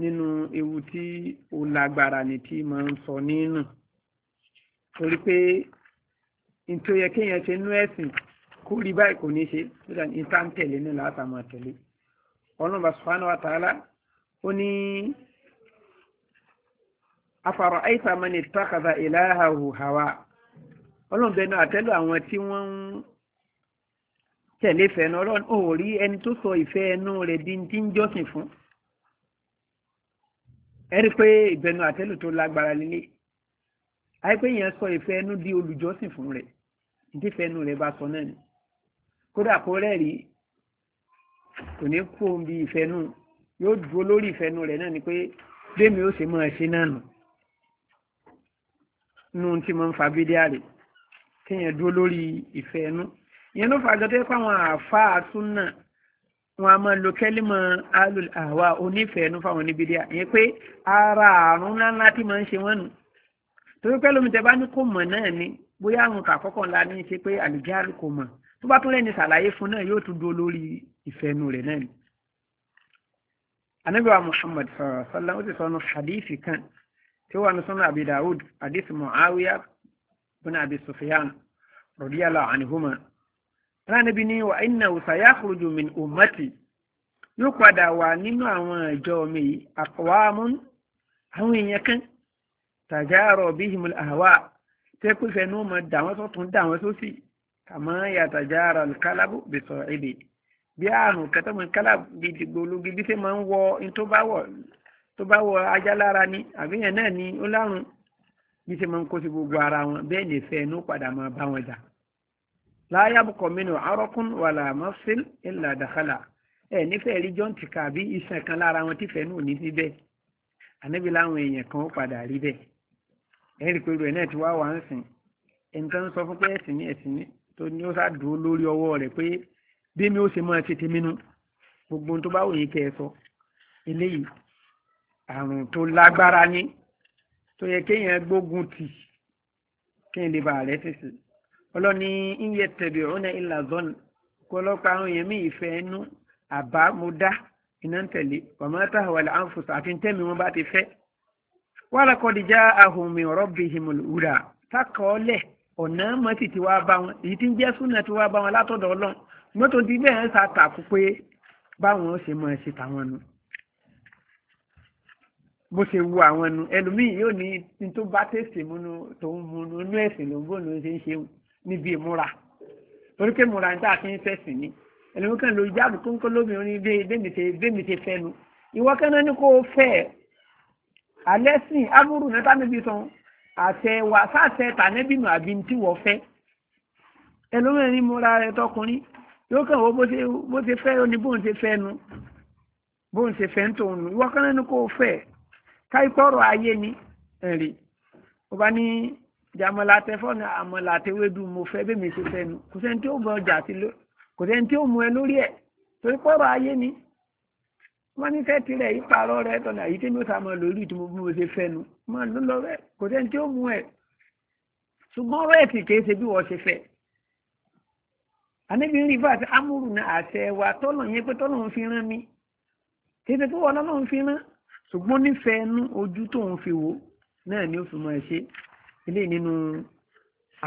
nínú ewu tí ó lágbára ni tí máa ń sọ nínú torí pé nítorí yẹ kéèyàn ṣe nú ẹ̀sìn kó rí báyìí kò ní ṣe nígbà ní tá ń tẹ̀lé ní látàmọ̀ tẹ̀lé ọlọ́mọba subhanahu wa ta'ala ó ní afara aita mani takaza ilahahu hawa ọlọ́mbẹnu àtẹ́lù àwọn tí wọ́n ń tẹ̀lé fẹ̀nu ọlọ́run ò rí ẹni tó sọ ìfẹ́ ẹnu rẹ̀ di ti ń jọ́sìn fún ẹ rí pé ìbẹnu àtẹ́lù tó lágbára lílé àìpé yẹn sọ ìfẹ́ ẹnu di olùjọ́sìn fún rẹ̀ ní fẹ́nu rẹ̀ bá sọ náà ni kódà kó rẹ́ẹ̀rí kò ní kú òun bí ìfẹ́nu yóò dúró lórí ìfẹ́nu rẹ̀ náà ni pé bẹ́ẹ̀ mi ó sì máa ṣe náà nù nù tí mo ń fa bídíà rèé kéèyàn dúró lórí ìfẹ́ ẹnu ìyẹn ló fàájọ tó yẹ fáwọn àáfàá tún náà wọn a máa lo kẹ́límọ̀ alul àwa onífẹ̀ẹ́ ẹnu fáwọn níbi díà ìyẹn pé ara àrùn ńláńlá tí máa ń ṣe wọ́n nù torí pé lómi tẹ bá ní kò mọ̀ náà ni bóyá àrùn kàkọ́kọ́ ńlá ní í ṣe pé àlùjáàrú kò mọ̀ tó bá tún lẹ́ni ṣàlàyé fún náà yóò tún dúró lórí ìfẹ́ ẹnu rẹ̀ náà ni. Ànábì wa Muhammad sallallahu alaihi wasallam ó ti sọnu hadith kan tí ó wà bin abi sufyan radiyallahu anhuma ránibí ní wa innahu sayakhruju min ummati yóò padà wà nínú àwọn ìjọ mi aqwamun àwọn èèyàn kan tajaro bihimul ahwa tẹ́kùn fẹ́nu mọ̀ dàwọn sọ́tún dàwọn sósì kàmá yatajara al-kalabu bisa'idi bí àrùn kẹtọ́mọ kálàbù gidigbo ológidí tẹ́ máa ń wọ ní tó bá wọ ajá lára ni àbíyàn náà ni ó lárùn bí ṣe máa ń kó sí gbogbo ara wọn bẹ́ẹ̀ ni ìfẹ́ inú padà máa bá wọn jà láyàbùkọ̀ mínú arọ́kún wàlà mọ́fíl ìlà dàkálà ẹ̀ nífẹ̀ẹ́ rí jọ́ǹtì kàbí iṣan kan lára wọn tífẹ̀ẹ́ náà ní sí bẹ́ẹ̀ ànábi láwọn èèyàn kan ó padà rí bẹ́ẹ̀ ẹ̀ rí pẹ̀lú ẹ̀ náà ti wá wà ń sìn ẹnìkan ń sọ fún pé ẹ̀sìn ní ẹ̀sìn ní tó ní ó ṣàdúró lórí ọwọ́ rẹ̀ pé bí mi ó ṣe máa ṣe mínú gbogbo ohun tó bá wòye kẹ́ ẹ sọ eléyìí àrùn tó lágbára ní tó yẹ kéèyàn gbógun tì kéèyàn lè bàa rẹ̀ tètè ọlọ́ni iye tẹ̀lé ọ̀nà ìlà zọ́nà kó lọ́pàá àwọn èèyàn mí ìfẹ́ inú àbá mo dá iná ń tẹ̀lé ọmọ táwọn wà láwọn fòsò àti tẹ́mi wọn bá ti fẹ́ wà lákọ́dí já ahùnmi ọ̀rọ̀ bí wúrà tákọ́ọ́lẹ̀ ọ̀nà mọ́ sì ti bá wọn èyí tí ń jẹ́ súnà ti wá bá wọn látọ̀dọ̀ ọlọ́run mọ́tò ti bẹ́ẹ̀ ń sa tàkú pé báwọn ṣe máa ṣe tàwọn nù bó ṣe wo àwọn nu ẹlòmíì yóò ní ní tó bá tèsì múnú tòun múnú inú ẹ̀sìn ló ń bò lóun ṣe ń ṣe níbi ìmúra torí pé múra ní tá fi ń fẹ̀sìn ni ẹlòmíì kan lo ìjáàbù kónkó lóbìnrin bẹ́ẹ̀mì ṣe bẹ́ẹ̀mì ṣe fẹ́nu ìwọ kẹ́nà ni kò fẹ́ alẹ́ sìn amúrù náà tánibí san àṣẹ wà sáṣẹ tànẹ́bìnú àbí tí wọ́n fẹ́ ẹlòmíì ní múra rẹ tọkùnrin yóò kàn wọ́n bó ṣe fẹ́ ó ní bóun ṣe fẹ́nu bóun ṣe fẹ́ ń tòun nù ìwọ kẹ́nà ni kò fẹ́ káìpọ̀rọ̀ ayé ni ẹ̀rí ó bá ní jàmọ̀lá tẹ fọ́ọ̀nù àmọ̀lá tẹwédú mo fẹ́ bẹ́mi ṣe fẹ́nu kò sẹ́ni tí ó mọ ọjà sí ló kò sẹ́ni tí ó mú ẹ lórí ẹ̀ torí pọ̀rọ̀ ayé ni wọ́n ní sẹ́ẹ̀tì rẹ̀ yí pààrọ̀ rẹ̀ tọ̀nà èyí tí mi ò sá mọ lórí tí mo bí mo ṣe fẹ́nu mọ ló lọ rẹ̀ kò sẹ́ni tí ó mú ẹ̀ ṣùgbọ́n ọ̀rọ̀ ẹ̀sìn kìí ṣe bí wọ́n ṣe fẹ́ àníbi rí fàtí amúrù àṣẹ wa tọ́lọ̀ yẹn pé tọ́lọ̀ ń fi rán mi kìí ṣe pé wọ́n lọ́lọ́ ń fi rán ṣùgbọ́n nífẹ̀ẹ́ inú ojú tóun fi wò náà ni ó fi mọ ẹ ṣe ilé nínú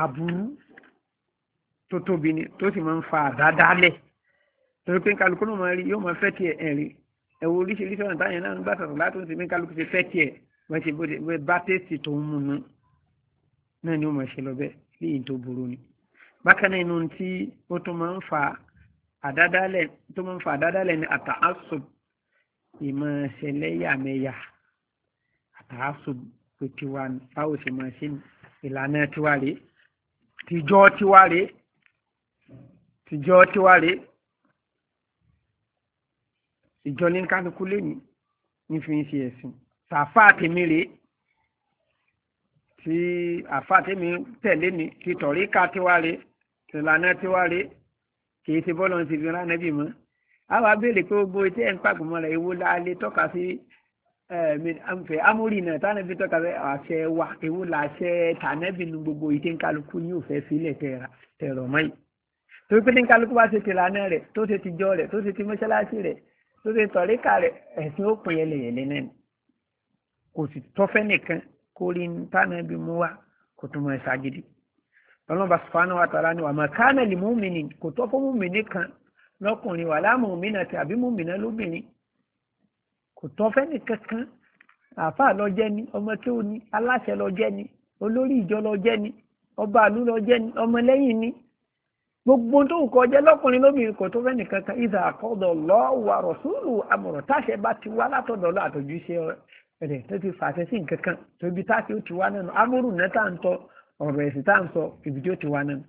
aburú tó tóbi ni tó sì máa ń fa àdádálẹ̀ torí pé kálukú náà máa rí yóò máa fẹ́ tiẹ̀ ẹ̀rí ẹ̀wọ̀ oríṣiríṣi ọ̀nà táyẹn náà ń gbà sọ̀rọ̀ látò sí pé kálukú ṣe fẹ́ tiẹ̀ wọ́n ṣe bóde bá tẹ́sì tó ń múnú náà ni ó máa ṣe lọ bẹ́ẹ̀ léyìn tó burú ni bákan náà inú tí ó tún máa ń fa àdádálẹ̀ tó máa ń fa àdádálẹ̀ ni àtàásùb ìmọ̀ ṣẹlẹ́yàmẹ̀yà àtàásù pé tiwa ni báwo ṣe mọ̀ sí ìlànà tiwa rèé tìjọ́ tiwa rèé tìjọ́ tiwa rèé ìjọ ní kálukú lẹ́yìn nífi ń ṣe ẹ̀sìn sàfáà tèmi rèé tí àfáà tèmi tẹ̀lé mi ti tọ̀ríkà tìlànà tiwa kì í ti bọ́lọ̀ ti fi rán nẹ́bì mọ́ a wá béèrè pé gbogbo etí ẹ̀ ń pàgọ́ mọ́ra ewo láàlẹ́ tọ́ka sí ẹ̀ẹ́dẹ̀ẹ́fẹ́ amórì náà tánàbí tọ́ka sí àṣẹ wa ewo làṣẹ tànàbí nu gbogbo etí kálukú ní òfẹ́ sílẹ̀ tẹ̀rọ mọ́ yìí torí pé ní kálukú bá ṣe tìlànà rẹ̀ tó ṣe tìjọ rẹ̀ tó ṣe ti mọ́ṣáláṣí rẹ̀ tó ṣe tọ̀ríkà rẹ̀ ẹ̀sìn ó pin ẹlẹ́yẹlẹ́ náà kò sì tọ́fẹ́ nìkan kó rí tánàbí mú wa kò tún mọ́ ẹ̀ ságídí ọlọ́run bá lọ́kùnrin wà lámùmínà tàbí mùmínà lóbìnrin kò tọ́ fẹ́ni kankan àáfàá lọ jẹ́ ni ọmọ tí ó ní aláṣẹ lọ jẹ́ ni olórí ìjọ lọ jẹ́ ni ọba àlú lọ jẹ́ ni ọmọlẹ́yìn ni gbogbo tó kọ jẹ́ lọ́kùnrin lóbìnrin kò tó fẹ́ni kankan ìdá àkọ́dọ̀ lọ́wọ́ àròsúlù àmọ̀rọ̀ táṣẹ bá ti wá látọ̀dọ̀ lọ àtọ̀júṣe rẹ̀ tó ti fàṣẹ sí nǹkan kan tóbi táṣẹ ó ti wá nánu amúrù náà tá à ń tọ ọ̀rọ̀ ẹ̀sìn tá à ń sọ ibi ti wá nánu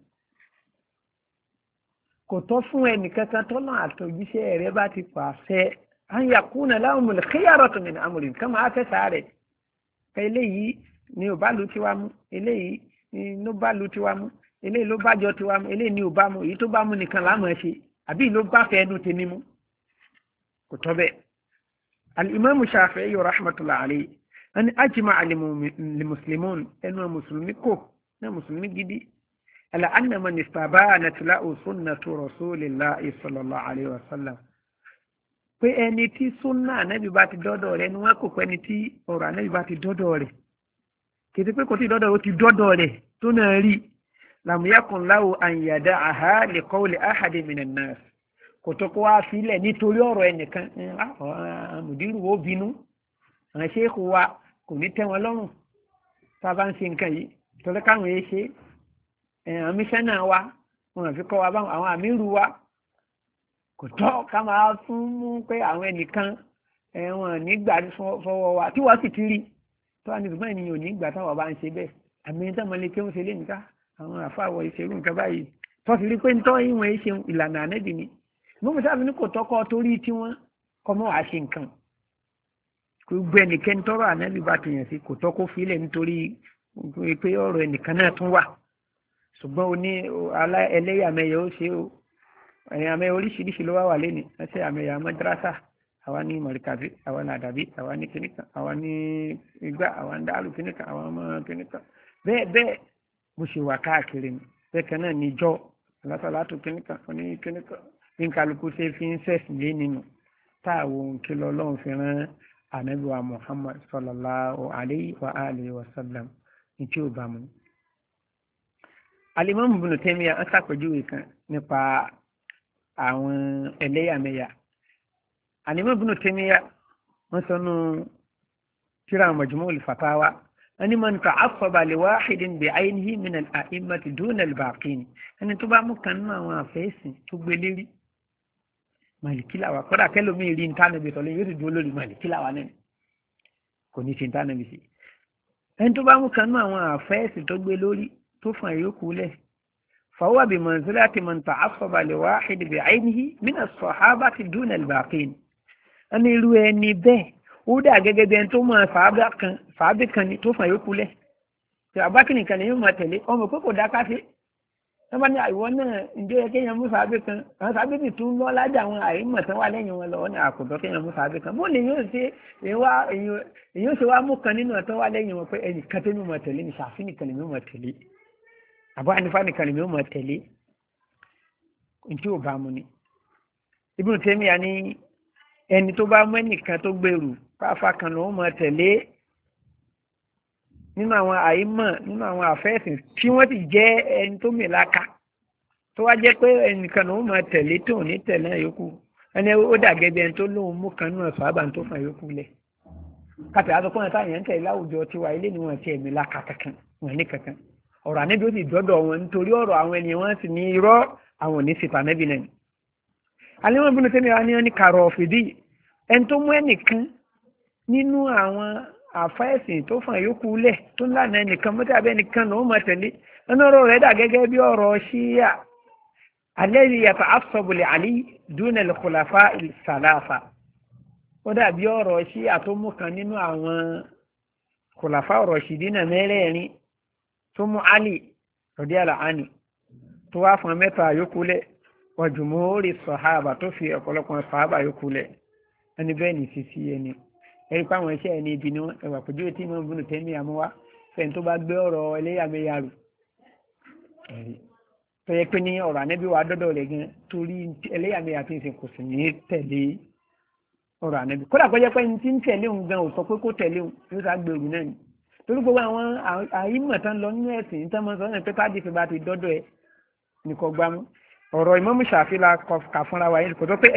kò tọ́ fún ẹnìkankan tọ́lọ́ àtòjíṣẹ́ rẹ bá ti pàṣẹ anyakuna lahumul khiyaratu min amrin kama afẹ́sà rẹ̀ ka eléyìí ni ò bá lu tiwa mú eléyìí ni ló bá lu tiwa mú eléyìí ló bá jọ tiwa mú eléyìí ni ò bá mú èyí tó bá mú nìkan láàmú ẹ ṣe àbí ló bá fẹ́ ẹnu tèmi mú kò tọ́ bẹ́ẹ̀. alimami shafi'i rahmatullahi alayhi ani ajima alimuslimun ẹnu mùsùlùmí kò ní mùsùlùmí gidi على أن من استبانت له سنة رسول الله صلى الله عليه وسلم pé ẹni tí súnà ànábì bá ti dọ́dọ̀ rẹ̀ ni wọ́n kò pẹ́ ni tí ọ̀rọ̀ ànábì bá ti dọ́dọ̀ rẹ̀ kìtì pé kò tí dọ́dọ̀ rẹ̀ ó ti dọ́dọ̀ rẹ̀ tó náà rí làmúyàkùn láwo àyàdá àhá lè kọ́ olè áhàdé mìíràn náà kò tó kó wá sílẹ̀ nítorí ọ̀rọ̀ ẹnìkan àmùdírù ó bínú àwọn ṣéèkù wa kò ní tẹ́ wọn lọ́rùn tá a bá ń ṣe nǹkan yìí tọ́lẹ́ káwọn yẹn ṣe é àwọn mísánà wa wọn fi kọ́ wa báwọn àwọn àmírù wa kò tọ́ ká máa fún mú pé àwọn ẹnìkan wọn nígbà fọwọ́ wa tí wọ́n sì ti rí tó wà ní ṣùgbọ́n ènìyàn nígbà táwọn bá ń ṣe bẹ́ẹ̀ àmì ẹni táwọn lè kéwọn ṣe lé nìka àwọn àfàwọ̀ ìṣerú nǹkan báyìí tó fi rí pé ń tọ́ ìwọ̀n ìṣe ìlànà ànẹ́bì ni mọ́mọ́ sábà ní kò tọ́kọ́ torí tí wọ́n kọ́ mọ́ wàá ṣe nǹkan gbogbo ẹnìkẹ́ni tọ́rọ̀ ànẹ́bì bá ti yàn sí kò tọ́kọ́ fílẹ̀ nítorí pé ọ̀rọ̀ ẹnìkan náà tún wà ṣùgbọ́n o ní ẹlẹ́yàmẹ̀yẹ ó ṣe o ẹ̀yàmẹ̀ oríṣiríṣi ló wá wà lẹ́nu ẹsẹ̀ àmẹ̀yà mọ́dúrásà àwa ní mọ̀ríkàbí àwa ní àdàbí àwa ní kìnìkan àwa ní igbá àwa ní dàálù kìnìkan àwa ọmọ kìnìkan bẹ́ẹ̀ bẹ́ẹ̀ bó ṣe wà káàkiri ni bẹ́ẹ̀ kan náà níjọ́ alásàlátù kìnìkan oní kìnìkan bí kálukú ṣe fi ń sẹ̀sìn lé nínú táàwọ̀ òǹkí lọ lọ́n fi rán ànábì Muhammad sallallahu alayhi wa alihi wa sallam ní tí ò bá mu ni alimami Ibn Taymiyyah ń ṣàpèjúwe kan nípa àwọn ẹlẹ́yàmẹ̀yà alimami Ibn Taymiyyah wọ́n sọ nù tíra Majmu'ul Fatawa wọ́n ní man ta'assaba li wahidin bi aynihi min al-a'immati duna al-baqin ẹni tó bá mú kan nínú àwọn àfẹ́sìn tó gbé lérí màlìkíláwa kódà kẹlòmí rí ntánàbí sọlẹ yóò sì dúró lórí màlìkíláwa náà kò ní ṣe ntánàbí sí ẹni tó bá mú kan nínú àwọn àfẹ́sìn tó gbé lórí tó fún àyókù lẹ̀ fàwọ́ bí mọ̀nsílá ti mọ̀ntà àfọ̀bàlẹ̀ wá ìdìbò àìníhí mínà sọ̀hábà ti dúnà ìbàkín ẹni irú ẹni bẹ́ẹ̀ ó dà gẹ́gẹ́ bí ẹni tó mọ̀ fàábì kan ni tó fún àyókù lẹ̀ tí àbákì nìkan ni yóò máa tẹ̀lé ọmọ pé kò dáká sí wọ́n bá ní àìwọ́ náà ǹjẹ́ yẹ kéèyàn mú fàábì kan àwọn fàábì sì tún lọ́ lájà àwọn àìmọ̀ wà lẹ́yìn wọn lọ́wọ́ ní àkùdọ́ kéèyàn mú fàábì kan bó lè yóò ṣe wá mú kan nínú ọ̀tán wà lẹ́yìn wọn pé ẹnì kan tó ní mọ̀ tẹ̀lé ní ṣàfihàn nìkan ni mọ̀ tẹ̀lé àbọ̀ ànífà nìkan lèmi ó mọ̀ tẹ̀lé ntí ò bá mu ni Ibn Taymiyyah ní ẹni tó bá mú ẹnìkan tó gbèrú fáfá kan ló mọ̀ tẹ̀lé nínú àwọn àìmọ̀ nínú àwọn àfẹ́sìn tí wọ́n ti jẹ́ ẹni tó mìlaka tó wá jẹ́ pé ẹnìkan ló mọ̀ tẹ̀lé tó ní tẹ̀lé yòókù ẹni ó dàgẹ́ bí ẹni tó lóun mú kan náà sábà tó fà yòókù lẹ̀ kàtà àtọ́kùnrin táyà ń tẹ̀lé láwùjọ tiwa ilé ni wọ́n ti ẹ̀mí láka kankan wọ́n ní kankan ọ̀rọ̀ ànẹ́bí ó sì dọ́dọ̀ wọn nítorí ọ̀rọ̀ àwọn ènìyàn wọn sì ní irọ́ àwọn òní síta ànẹ́bí náà alẹ́wọ̀n bínú tẹ́mi wa ní wọn ní kàrọ̀ ọ̀fìdí ẹni tó mú ẹnìkan nínú àwọn àfáìsìn tó fàn yókù lẹ̀ tó ń lànà ẹnìkan mọ́tẹ́ abẹ́ ẹnìkan ló mọ̀ tẹ̀lé ẹnu ọ̀rọ̀ rẹ̀ dà gẹ́gẹ́ bí ọ̀rọ̀ ṣíyà alẹ́ yàtọ̀ asọ̀bùlẹ̀ àlí dúnẹ̀lì kòlàfà ìsàlàfà ó dàbí ọ̀rọ̀ ṣíyà tó mú kan nínú àwọn kòlàfà ọ̀rọ̀ ṣìdínà mẹ́rẹ̀ẹ̀rin tó mú ali rọ̀dí àlàáni tó wá fún mẹ́ta yókùlẹ̀ wàjùmọ́ orí sọ̀háàbà tó fi ọ̀pọ̀lọpọ̀ sọ̀háàbà yókùlẹ̀ ẹni bẹ́ẹ̀ ní sisi ẹni ẹni pé àwọn iṣẹ́ ẹni ibi ni wọ́n ẹ̀wà pẹ̀jú tí wọ́n bùnú tẹ́mí àmúwá fẹ́ni tó bá gbé ọ̀rọ̀ ẹlẹ́yàmẹ̀yà rù tó yẹ pé ní ọ̀rọ̀ ànẹ́bí wa dọ́dọ̀ rẹ̀ gan torí ẹlẹ́yàmẹ̀yà fi ń sìn kò sì ní tẹ̀lé ọ̀rọ̀ ànẹ́bí kódà pé jẹ́ pé ní ti ń tẹ̀lé òun gan ò sọ pé kó tẹ̀lé òun yóò sá gbèrú náà ni torí gbogbo àwọn àyímọ̀ tán lọ nínú ẹ̀sìn tán mọ́ sọ́nà pé táàdì fi bá ti dọ́dọ̀ ẹ nìkan gbámú ọ̀rọ̀ ìmọ̀mú ṣàfi la kà fúnra wa yìí kò tó pé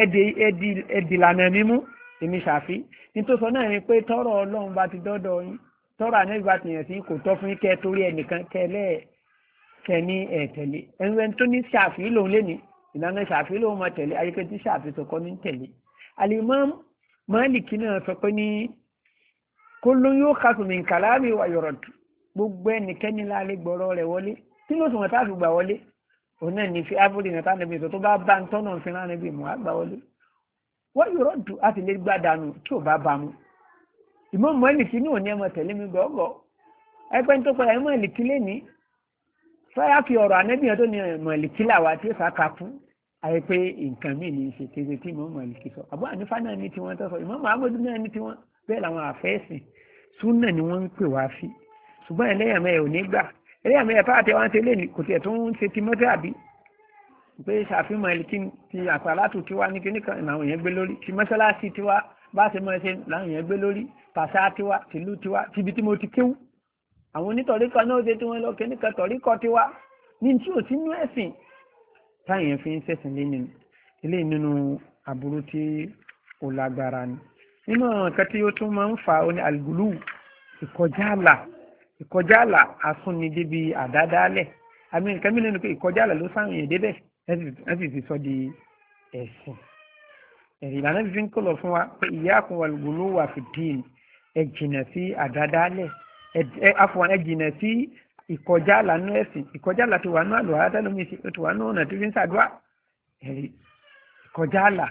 ẹ̀dì lànà mímú èmi ṣàfi nítorí náà ni pé tọrọ ọlọ́run bá ti dọ́dọ̀ yín tọrọ ànábì bá ti yàn sí kò tọ́ fún yín kẹ́ torí ẹnìkan kẹlẹ́ kẹ ní ẹ̀tẹ̀lé ẹnìwẹ́n tó ní ṣàfi lòun léni ìlànà ṣàfi lòun máa tẹ̀lé ayíkẹ́ tí ṣàfi sọkọ́ ní tẹ̀lé àlìmọ́ Málíkì náà sọ pé ní kólú yóò kásùmí kàlámì wà yọ̀rọ̀ tù gbogbo ẹnikẹ́ni láàrin gbọ́rọ̀ rẹ̀ wọlé tí ló sùn mẹ́ta fi gbà wọlé òun náà ní fi áfúrì mẹ́ta níbi ètò tó bá bá ń tọ́nà fi rán níbi ìmọ̀ àgbà wọlé wọ́n yọ̀rọ̀ tù á sì lè gbà dànù tí ò bá bá mu ìmọ̀ mọ́ ẹnìkí ní òní ẹmọ tẹ̀lé mi gọ́gọ́ ẹgbẹ́ tó pẹ́ ẹmọ ẹnìkí lé ní fẹ́rẹ́ fi ọ̀rọ̀ anẹ́bíyàn àyè pé nǹkan míì ní í ṣe kéde tí ìmọ̀ ẹnìkí sọ àbúrò ànífà náà ní tiwọn tó sọ ìmọ̀ mọ́ náà ní tiwọn bẹ́ẹ̀ làwọn àfẹ́ ẹ̀sìn súnà ni wọ́n ń pè wá sí ṣùgbọ́n ẹlẹ́yàmẹ̀yà ò ní gbà ẹlẹ́yàmẹ̀yà tá àtẹ wọn tẹ́lẹ̀ ní kò tiẹ̀ tó ń ṣe ti mọ́tẹ́ àbí pé ṣàfihàn ẹ̀lìkí ti àpàlátù tiwa ní kíní kan àwọn èèyàn gbé lórí ti mọ́ṣáláṣí tiwa bá ṣe máa ṣe làwọn èèyàn gbé lórí pàṣà tiwa tìlú tiwa tibi tí mo ti kéwú àwọn onítọ̀ríkọ náà ṣe tí wọ́n lọ kíní kan tọ̀ríkọ tiwa ní tí ò sínú ẹ̀sìn táyẹn fi ń ṣẹ̀sìn lé nínú ilé nínú aburú tí ó lágbára ni nínú àwọn nǹkan tí ó tún máa ń fa oní àlùgùlù ìkọjáàlà ìkọjáàlà asúnnidébi àdádálẹ̀ àmì nǹkan mi lẹ́nu pé ìkọjáàlà ló sáwọn èèyàn débẹ̀ wọ́n sì ti sọ di ẹ̀sìn ìlànà fífi ń kọlọ̀ fún wa pé ìyáàkùn àlùgùlù wà fìdíìn ẹ jìnà sí àdádálẹ̀ ẹ afọ̀n ẹ jìnà sí ìkọjáàlà nú ẹ̀sìn ìkọjáàlà ti wà nú àlùhàdá lómi ti wà nú ọ̀nà tó fi ń ṣàdúrà ìkọjáàlà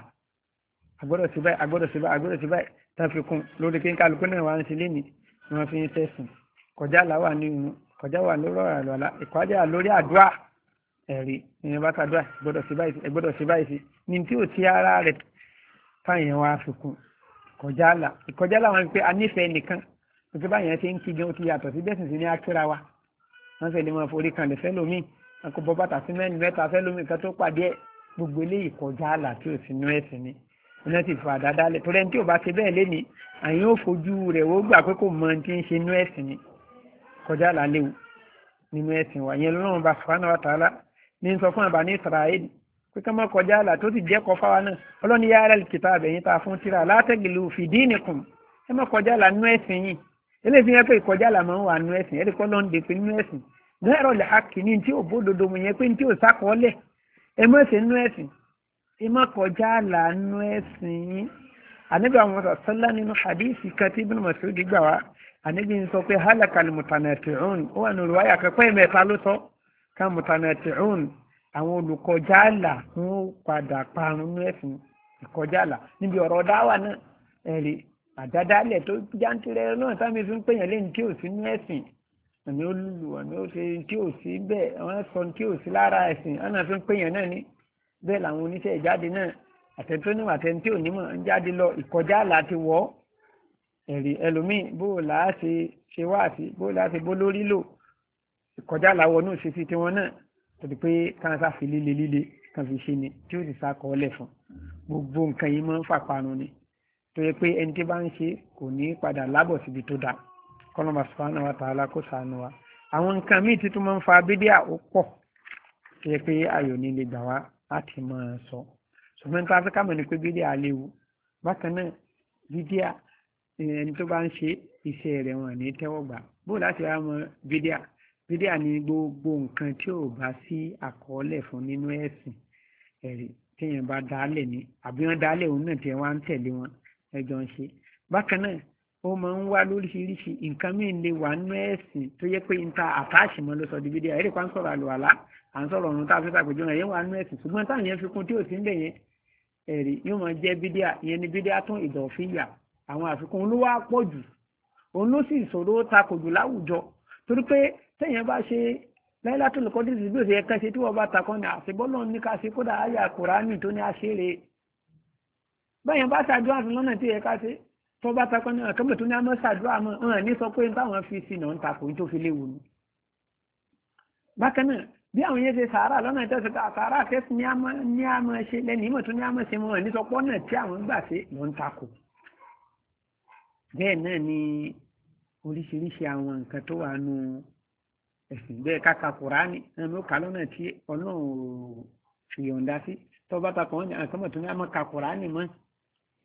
agbọ́dọ̀ sí báyìí agbọ́dọ̀ sí báyìí agbọ́dọ̀ sí báyìí tán fi kún lórí kí n kálukú náà wá ń ṣe léni ni wọ́n fi ń tẹ̀sìn kọjá làwà ní irun kọjá wà lórí ọ̀rọ̀ àlọ́lá ìkọjá lórí àdúrà ẹ̀rí ìyẹn bá ta dúà gbọ́dọ̀ sí báyìí gbọ́dọ̀ sí báyìí sí ni tí ò ti ara rẹ̀ fáyẹn wá fi kún kọjá là ìkọjá làwọn pé a nífẹ̀ẹ́ nìkan òkè báyẹn ti ń kí gan ó ti yàtọ̀ sí bẹ́sìn sì iná ti fà dáadáa lẹ̀ torí ẹni tí ò bá ṣe bẹ́ẹ̀ lé àyìn ò fojú rẹ̀ ó gbà pé kò mọ ti ń ṣe inú ẹ̀sìn ni kọjá làléwu nínú ẹ̀sìn wa yẹn lọ́rùn bá sùfàánà wa tààlà ní sọ fún àbá ní Israel pé ká má kọjá àlà tó ti jẹ́ kọ fáwa náà ọlọ́ni yá ara kìtà àbẹ̀yìn tá a fún tíra látẹ̀gìlú fìdí nìkùn ẹ má kọjá àlà nínú ẹ̀sìn yìí eléyìí fi hàn pé ìkọjá àlà máa ń wà nínú ẹ̀sìn ẹ má kọjá àlànà ẹ̀sìn yín ànábì àwọn sàṣálà nínú hadisi kan tí ibn Mas'ud gbà wá ànábì ń sọ pé halakal mutanati'un ó wà ní olùwáyà kẹpẹ́ ìmẹ̀ta ló sọ ká mutanati'un àwọn olùkọjá àlà ń padà parun ní ẹ̀sìn ìkọjá àlà níbi ọ̀rọ̀ dáwà náà ẹ̀rí àdádálẹ̀ tó jántìrẹ náà sáàmì fi ń pèyàn lẹ́yìn tí ò sí ní ẹ̀sìn àmì olùlù àmì ó tí ò sí bẹ́ẹ̀ àwọn ẹ̀sọ́ tí ò sí lára ẹ̀sìn ọ̀nà fi ń pèyàn náà ní bẹ́ẹ̀ làwọn oníṣẹ́ ìjáde náà àtẹ̀tónú àtẹ̀ntí onímọ̀ ń jáde lọ ìkọjá láti wọ́ ẹ̀rí ẹlòmíì bó o là á ṣe ṣe wá sí bó o là á ṣe bó lórí lò ìkọjá làwọ̀ náà ṣe fi tiwọn náà torí pé káńsá fi líle líle kan fi ṣe ni tí ó sì sákọ̀ ọ́lẹ̀ fún gbogbo nǹkan yìí máa ń fàparun ni tó yẹ pé ẹni tí bá ń ṣe kò ní padà lábọ̀ síbi tó dáa kọ́nà àwọn nǹkan míì títún máa ń fa bídíà ó pọ̀ tó yẹ pé ayò ní lè gbà wá láti máa sọ ṣùgbọ́n tó afẹ́ká mọ̀ ní pé bídíà léwu bákan náà bídíà ẹni tó bá ń ṣe iṣẹ́ rẹ̀ wọ̀n ní tẹ́wọ́gbà bó láti wá mọ̀ bídíà bídíà ni gbogbo nǹkan tí ò bá sí àkọọ́lẹ̀ fún nínú ẹ̀sìn ẹ̀rí téèyàn bá dálẹ̀ ni àbí wọ́n dálẹ̀ òun náà tí wọ́n á ń tẹ̀lé wọn ẹjọ́ ń ṣe bákan náà ó máa ń wá lóríṣiríṣi nǹkan mìíràn lè wà nínú ẹ̀sìn tó yẹ pé n ta àtàṣìmọ́ ló sọ di bídíà ẹ̀rí pa ń àlùwàlá à ń sọ̀rọ̀ ọ̀run tá a fi ṣàpèjọ rẹ̀ yẹn wà nú ẹ̀sìn ṣùgbọ́n táwọn yẹn fi kún tí ò sí ń bẹ̀ ẹ̀rí yóò máa jẹ́ bídíà ìyẹn ni bídíà tún ìdọ̀fíyà àwọn àfikún òun ló wá pọ̀ jù òun ló sì ìṣòro takò jù láwùjọ torí pé téèyàn bá ṣe láìlá tó lùkọ́ dìtì bí òṣèyẹ kan ṣe tí wọ́n bá takọ́ ni àṣebọ́lọ́ ní ká ṣe kódà àyà kùránì tó ní àṣírí báyẹn bá ṣàdúrà fún lọ́nà tí yẹ ká ṣe tó bá takọ́ ní ọ̀kẹ́mọ̀ tó ní àmọ́ ọ̀hún ní sọ pé báwọn fi sí ń takò tó fi léwu ni. bákan náà bí àwọn yẹn ṣe sàárà lọ́nà ìtọ́sí pé àsàárà kẹ́sì ní àmọ́ ṣe lẹ́nu ìmọ̀ tó ní àmọ́ ṣe mọ́ ní sọpọ́ náà tí àwọn gbà ṣe ló ń takò bẹ́ẹ̀ náà ni oríṣiríṣi àwọn nǹkan tó wà nù ẹ̀sìn bẹ́ẹ̀ káka kùránì náà ló kà lọ́nà tí ọlọ́run ò fi yọ̀ǹda sí tó bá takò wọn ni àtọ́mọ̀ tó ní àmọ́ ka kùránì mọ́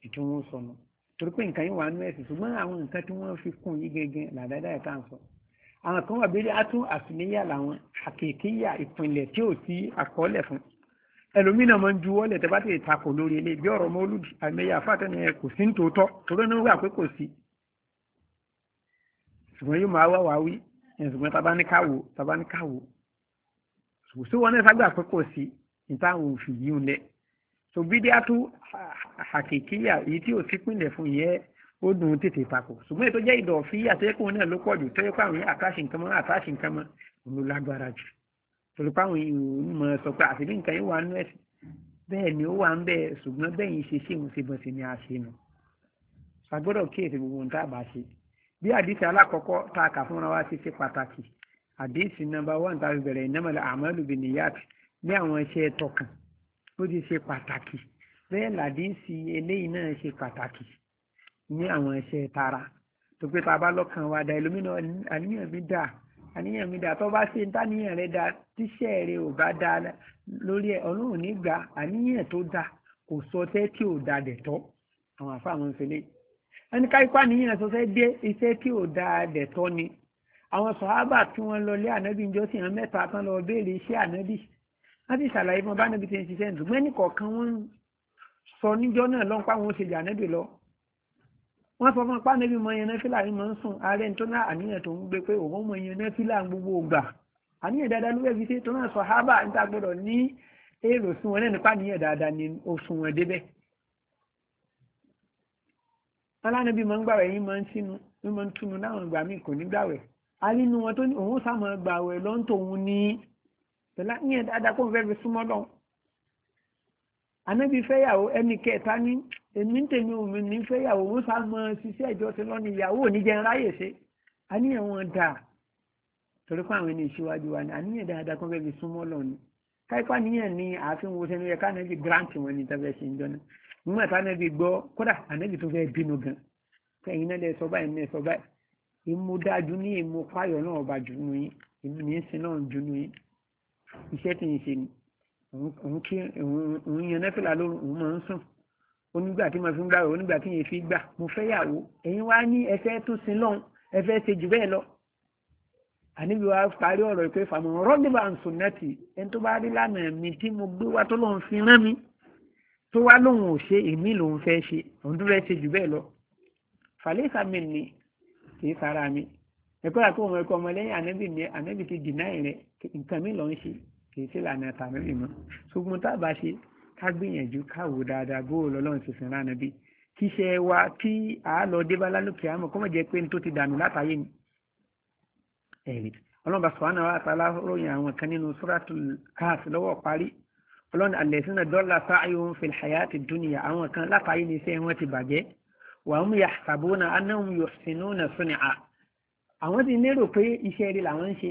ètò wọn sọnù torí pé nǹkan yìí wà nù ẹ̀sìn ṣùgbọ́n àwọn nǹkan tí wọ́n fi kún yìí gẹ́gẹ́ làdáadáa àwọn kan wà bíi atún àfìníyà làwọn àkèkéyà ìpínlẹ̀ tí ò sí àkọọ́lẹ̀ fún ẹlòmínà máa ń ju wọ́lẹ̀ tẹ́ bá tètè takò lórí ilé bí ọ̀rọ̀ mọ́ olùdí àmẹ́yà fàtẹ́nìyàn kò sí nítòótọ́ torí ní wà pé kò sí ṣùgbọ́n yóò máa wá wá wí ṣùgbọ́n tá bá ní káwò tá bá ní káwò ṣùgbọ́n sí wọn náà ságbà pé kò sí níta àwọn òfin yìí ń lẹ̀ so bídíà tó àkèkéyà èyí tí ò sí pínlẹ̀ fún ìyẹn ó dùn tètè papọ̀ ṣùgbọ́n ètò jẹ́ ìdọ̀fí àtẹ́kùn náà ló pọ̀ jù tó yẹ pé àwọn àtàṣì nǹkan mọ́ àtàṣì nǹkan mọ́ òun lágbára jù torí pé àwọn ìròyìn mọ̀ sọ pé àṣírí nǹkan yìí wà nú ẹ̀sìn bẹ́ẹ̀ ni ó wà ń bẹ́ẹ̀ ṣùgbọ́n bẹ́yìn ṣe ṣé òun ṣe bọ̀ sí ni a ṣe nù ṣàgbọ́dọ̀ kíyèsí gbogbo ohun tá a bá ṣe bí àdìsí alákọ̀ọ́kọ́ tá a kà fúnra wa ṣe ṣe pàtàkì àdìsí nọ́mbà one tá a fi bẹ̀rẹ̀ ìnámọ̀lẹ̀ àmọ́lù bìnníyàtì ní àwọn iṣẹ́ tọkàn ó ti ṣe pàtàkì bẹ́ẹ̀ làdìsí eléyìí náà ṣe pàtàkì ní àwọn iṣẹ́ tara tó pé tá a bá lọ́kàn wa da ẹlòmínà àníyàn mi dà àníyàn mi dà tó bá ṣe táníyàn rẹ da tíṣẹ́ rẹ ò bá da lórí ẹ ọlọ́run nígbà àníyàn tó da kò sọ tẹ́ tí ò da dẹ̀ tọ́ àwọn àfa àwọn ìfẹ́lẹ́ ẹni ká ipá níyàn sọ fẹ́ dé iṣẹ́ tí ò da dẹ̀ tọ́ ni àwọn sọ̀hábà tí wọ́n lọ lé ànábì ń jọ́sìn àwọn mẹ́ta tán lọ béèrè iṣẹ́ ànábì wọ́n ti ṣàlàyé fún bánábì ti ń ṣiṣẹ́ ǹdùgbẹ́nì kọ̀ọ̀kan sọ níjọ́ náà lọ́npá wọn ṣe ànábì lọ wọ́n sọ fún apá níbi mọ yẹn nẹ́fílà yìí máa ń sùn ààrẹ tó náà àníyàn tó ń gbé pé òun mọ yẹn nẹ́fílà gbogbo ògbà àníyàn dáadáa ló wẹ̀bi sí tó náà sọ hábà níta gbọ́dọ̀ ní èrò sún wọn lẹ́nu pàníyàn dáadáa ni ó sún wọn débẹ̀. alánàbí máa ń gbàwẹ̀ yín máa ń sínú yín máa ń túnu láwọn ìgbà míì kò ní gbàwẹ̀ alínú wọn tó ní òun sá máa gbàwẹ̀ lọ́ntòun ní ní èmi ń tèmi òmìn ní fẹ́yàwó ó sá mọ ṣiṣẹ́ ìjọ ti lọ́nà ìyàwó ò ní jẹun ráyè ṣe àníyàn wọn dà torí pé àwọn ẹni ìṣíwájú wa ni àníyàn dáadáa kan fẹ́ fi súnmọ́ lọ́ni káyipá níyàn ni ààfin wo sẹ́nu yẹ kánẹ́bí grant wọn ní tẹ́fẹ́ ṣe ń jọ́nà nígbà tánẹ́bí gbọ́ kódà ànẹ́bí tó fẹ́ bínú gan fẹ́yìn náà lẹ sọ báyìí náà sọ báyìí ìmú dájú ní ìmú páyọ̀ náà ọba jù nù yín ìmú ní sin náà jù nù yín iṣẹ́ tí ń ṣe ni òun yẹn nẹ́fìlà lóru òun máa ń sùn onígbà tí mo fi ń gbà rẹ̀ onígbà tí yẹn fi gbà mo fẹ́ yàwó ẹ̀yin wá ní ẹfẹ́ tó sin lọ́hùn ẹfẹ́ ṣe jù bẹ́ẹ̀ lọ. àníbi wa parí ọ̀rọ̀ pé fàmù rọ́dìbà ń sùn náà tì ẹni tó bá rí lánàá mi tí mo gbé wa tó lóun fi rán mi tó wá lóun ò ṣe èmi lòun fẹ́ ṣe òun tó fẹ́ ṣe jù bẹ́ẹ̀ lọ. fàlẹ́sà mi ni kì í sara mi ẹ̀kọ́ àti òun ẹ̀kọ́ ọmọlẹ́yìn ànábì ni ànábì ti dìnnáì rẹ̀ nǹkan mi lọ́ ṣe kì í sí lànà tàbí mọ́ ṣùgbọ́n tá a bá ṣe ká gbìyànjú káwò dáadáa bó lọ́lọ́run ṣe sìn ránà bí kíṣẹ́ wa kí àálọ́ débá lálùkì àmọ́ kó mọ̀ jẹ́ pé tó ti dànù látàyè ni. ẹ̀rí ọlọ́run bá sọ̀rọ̀ àwọn àtàlá ròyìn àwọn kan nínú sóràtù káàf lọ́wọ́ parí ọlọ́run àlẹ́sìnà dọ́là sáàyùn fil hayati dúnìyà àwọn kan látàyè ni iṣẹ́ wọn ti bàjẹ́ wàhùn yahsabuna annahum yuhsinuna sun'a àwọn ti lérò pé iṣẹ́ rí làwọn ń ṣe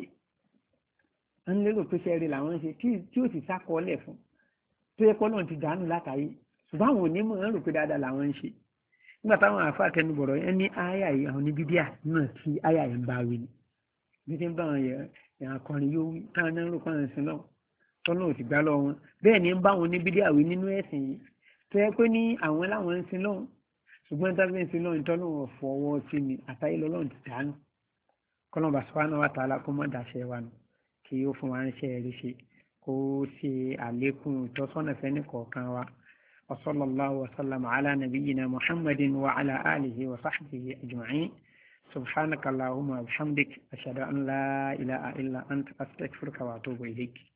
ń lérò pé iṣẹ́ rí làwọn ń ṣe tí ó sì sákọọ́lẹ̀ fún tó yẹ kọ́ náà ti dànù látàrí ṣùgbọ́n àwọn onímọ̀ ń rò pé dáadáa làwọn ń ṣe nígbà táwọn àfa àtẹnubọ̀rọ̀ yẹn ní àyà yìí àwọn oníbíbíà náà tí àyà yẹn bá wí ni bí ti ń bá àwọn yẹn akọrin yóò wí táwọn náà ń rò pàrọ̀ sí náà tọ́nà ò sì gbá lọ wọn bẹ́ẹ̀ ni ń bá àwọn oníbíbíà wí nínú ẹ̀sìn yìí tó yẹ pé ní àwọn láwọn ń sin lọ́hùn ṣùgbọ́n tábí ń sin lọ́hùn tọ́nà ò fọwọ́ sí ni àtàyè lọ́lọ́run ti dànù kọ́nà bàṣọ́ wa náà wà tààlà kó mọ́ dàṣẹ́ wa nù kí ó fún wa ń ṣe ẹ̀rí ṣe kó ṣe àlékún ìtọ́sọ́nà fẹ́ni kọ̀ọ̀kan wa wa sallallahu wa sallam ala nabiyyina muhammadin wa ala alihi wa sahbihi ajma'in subhanaka allahumma wa bihamdik ashhadu an la ilaha illa anta astaghfiruka wa atubu ilayk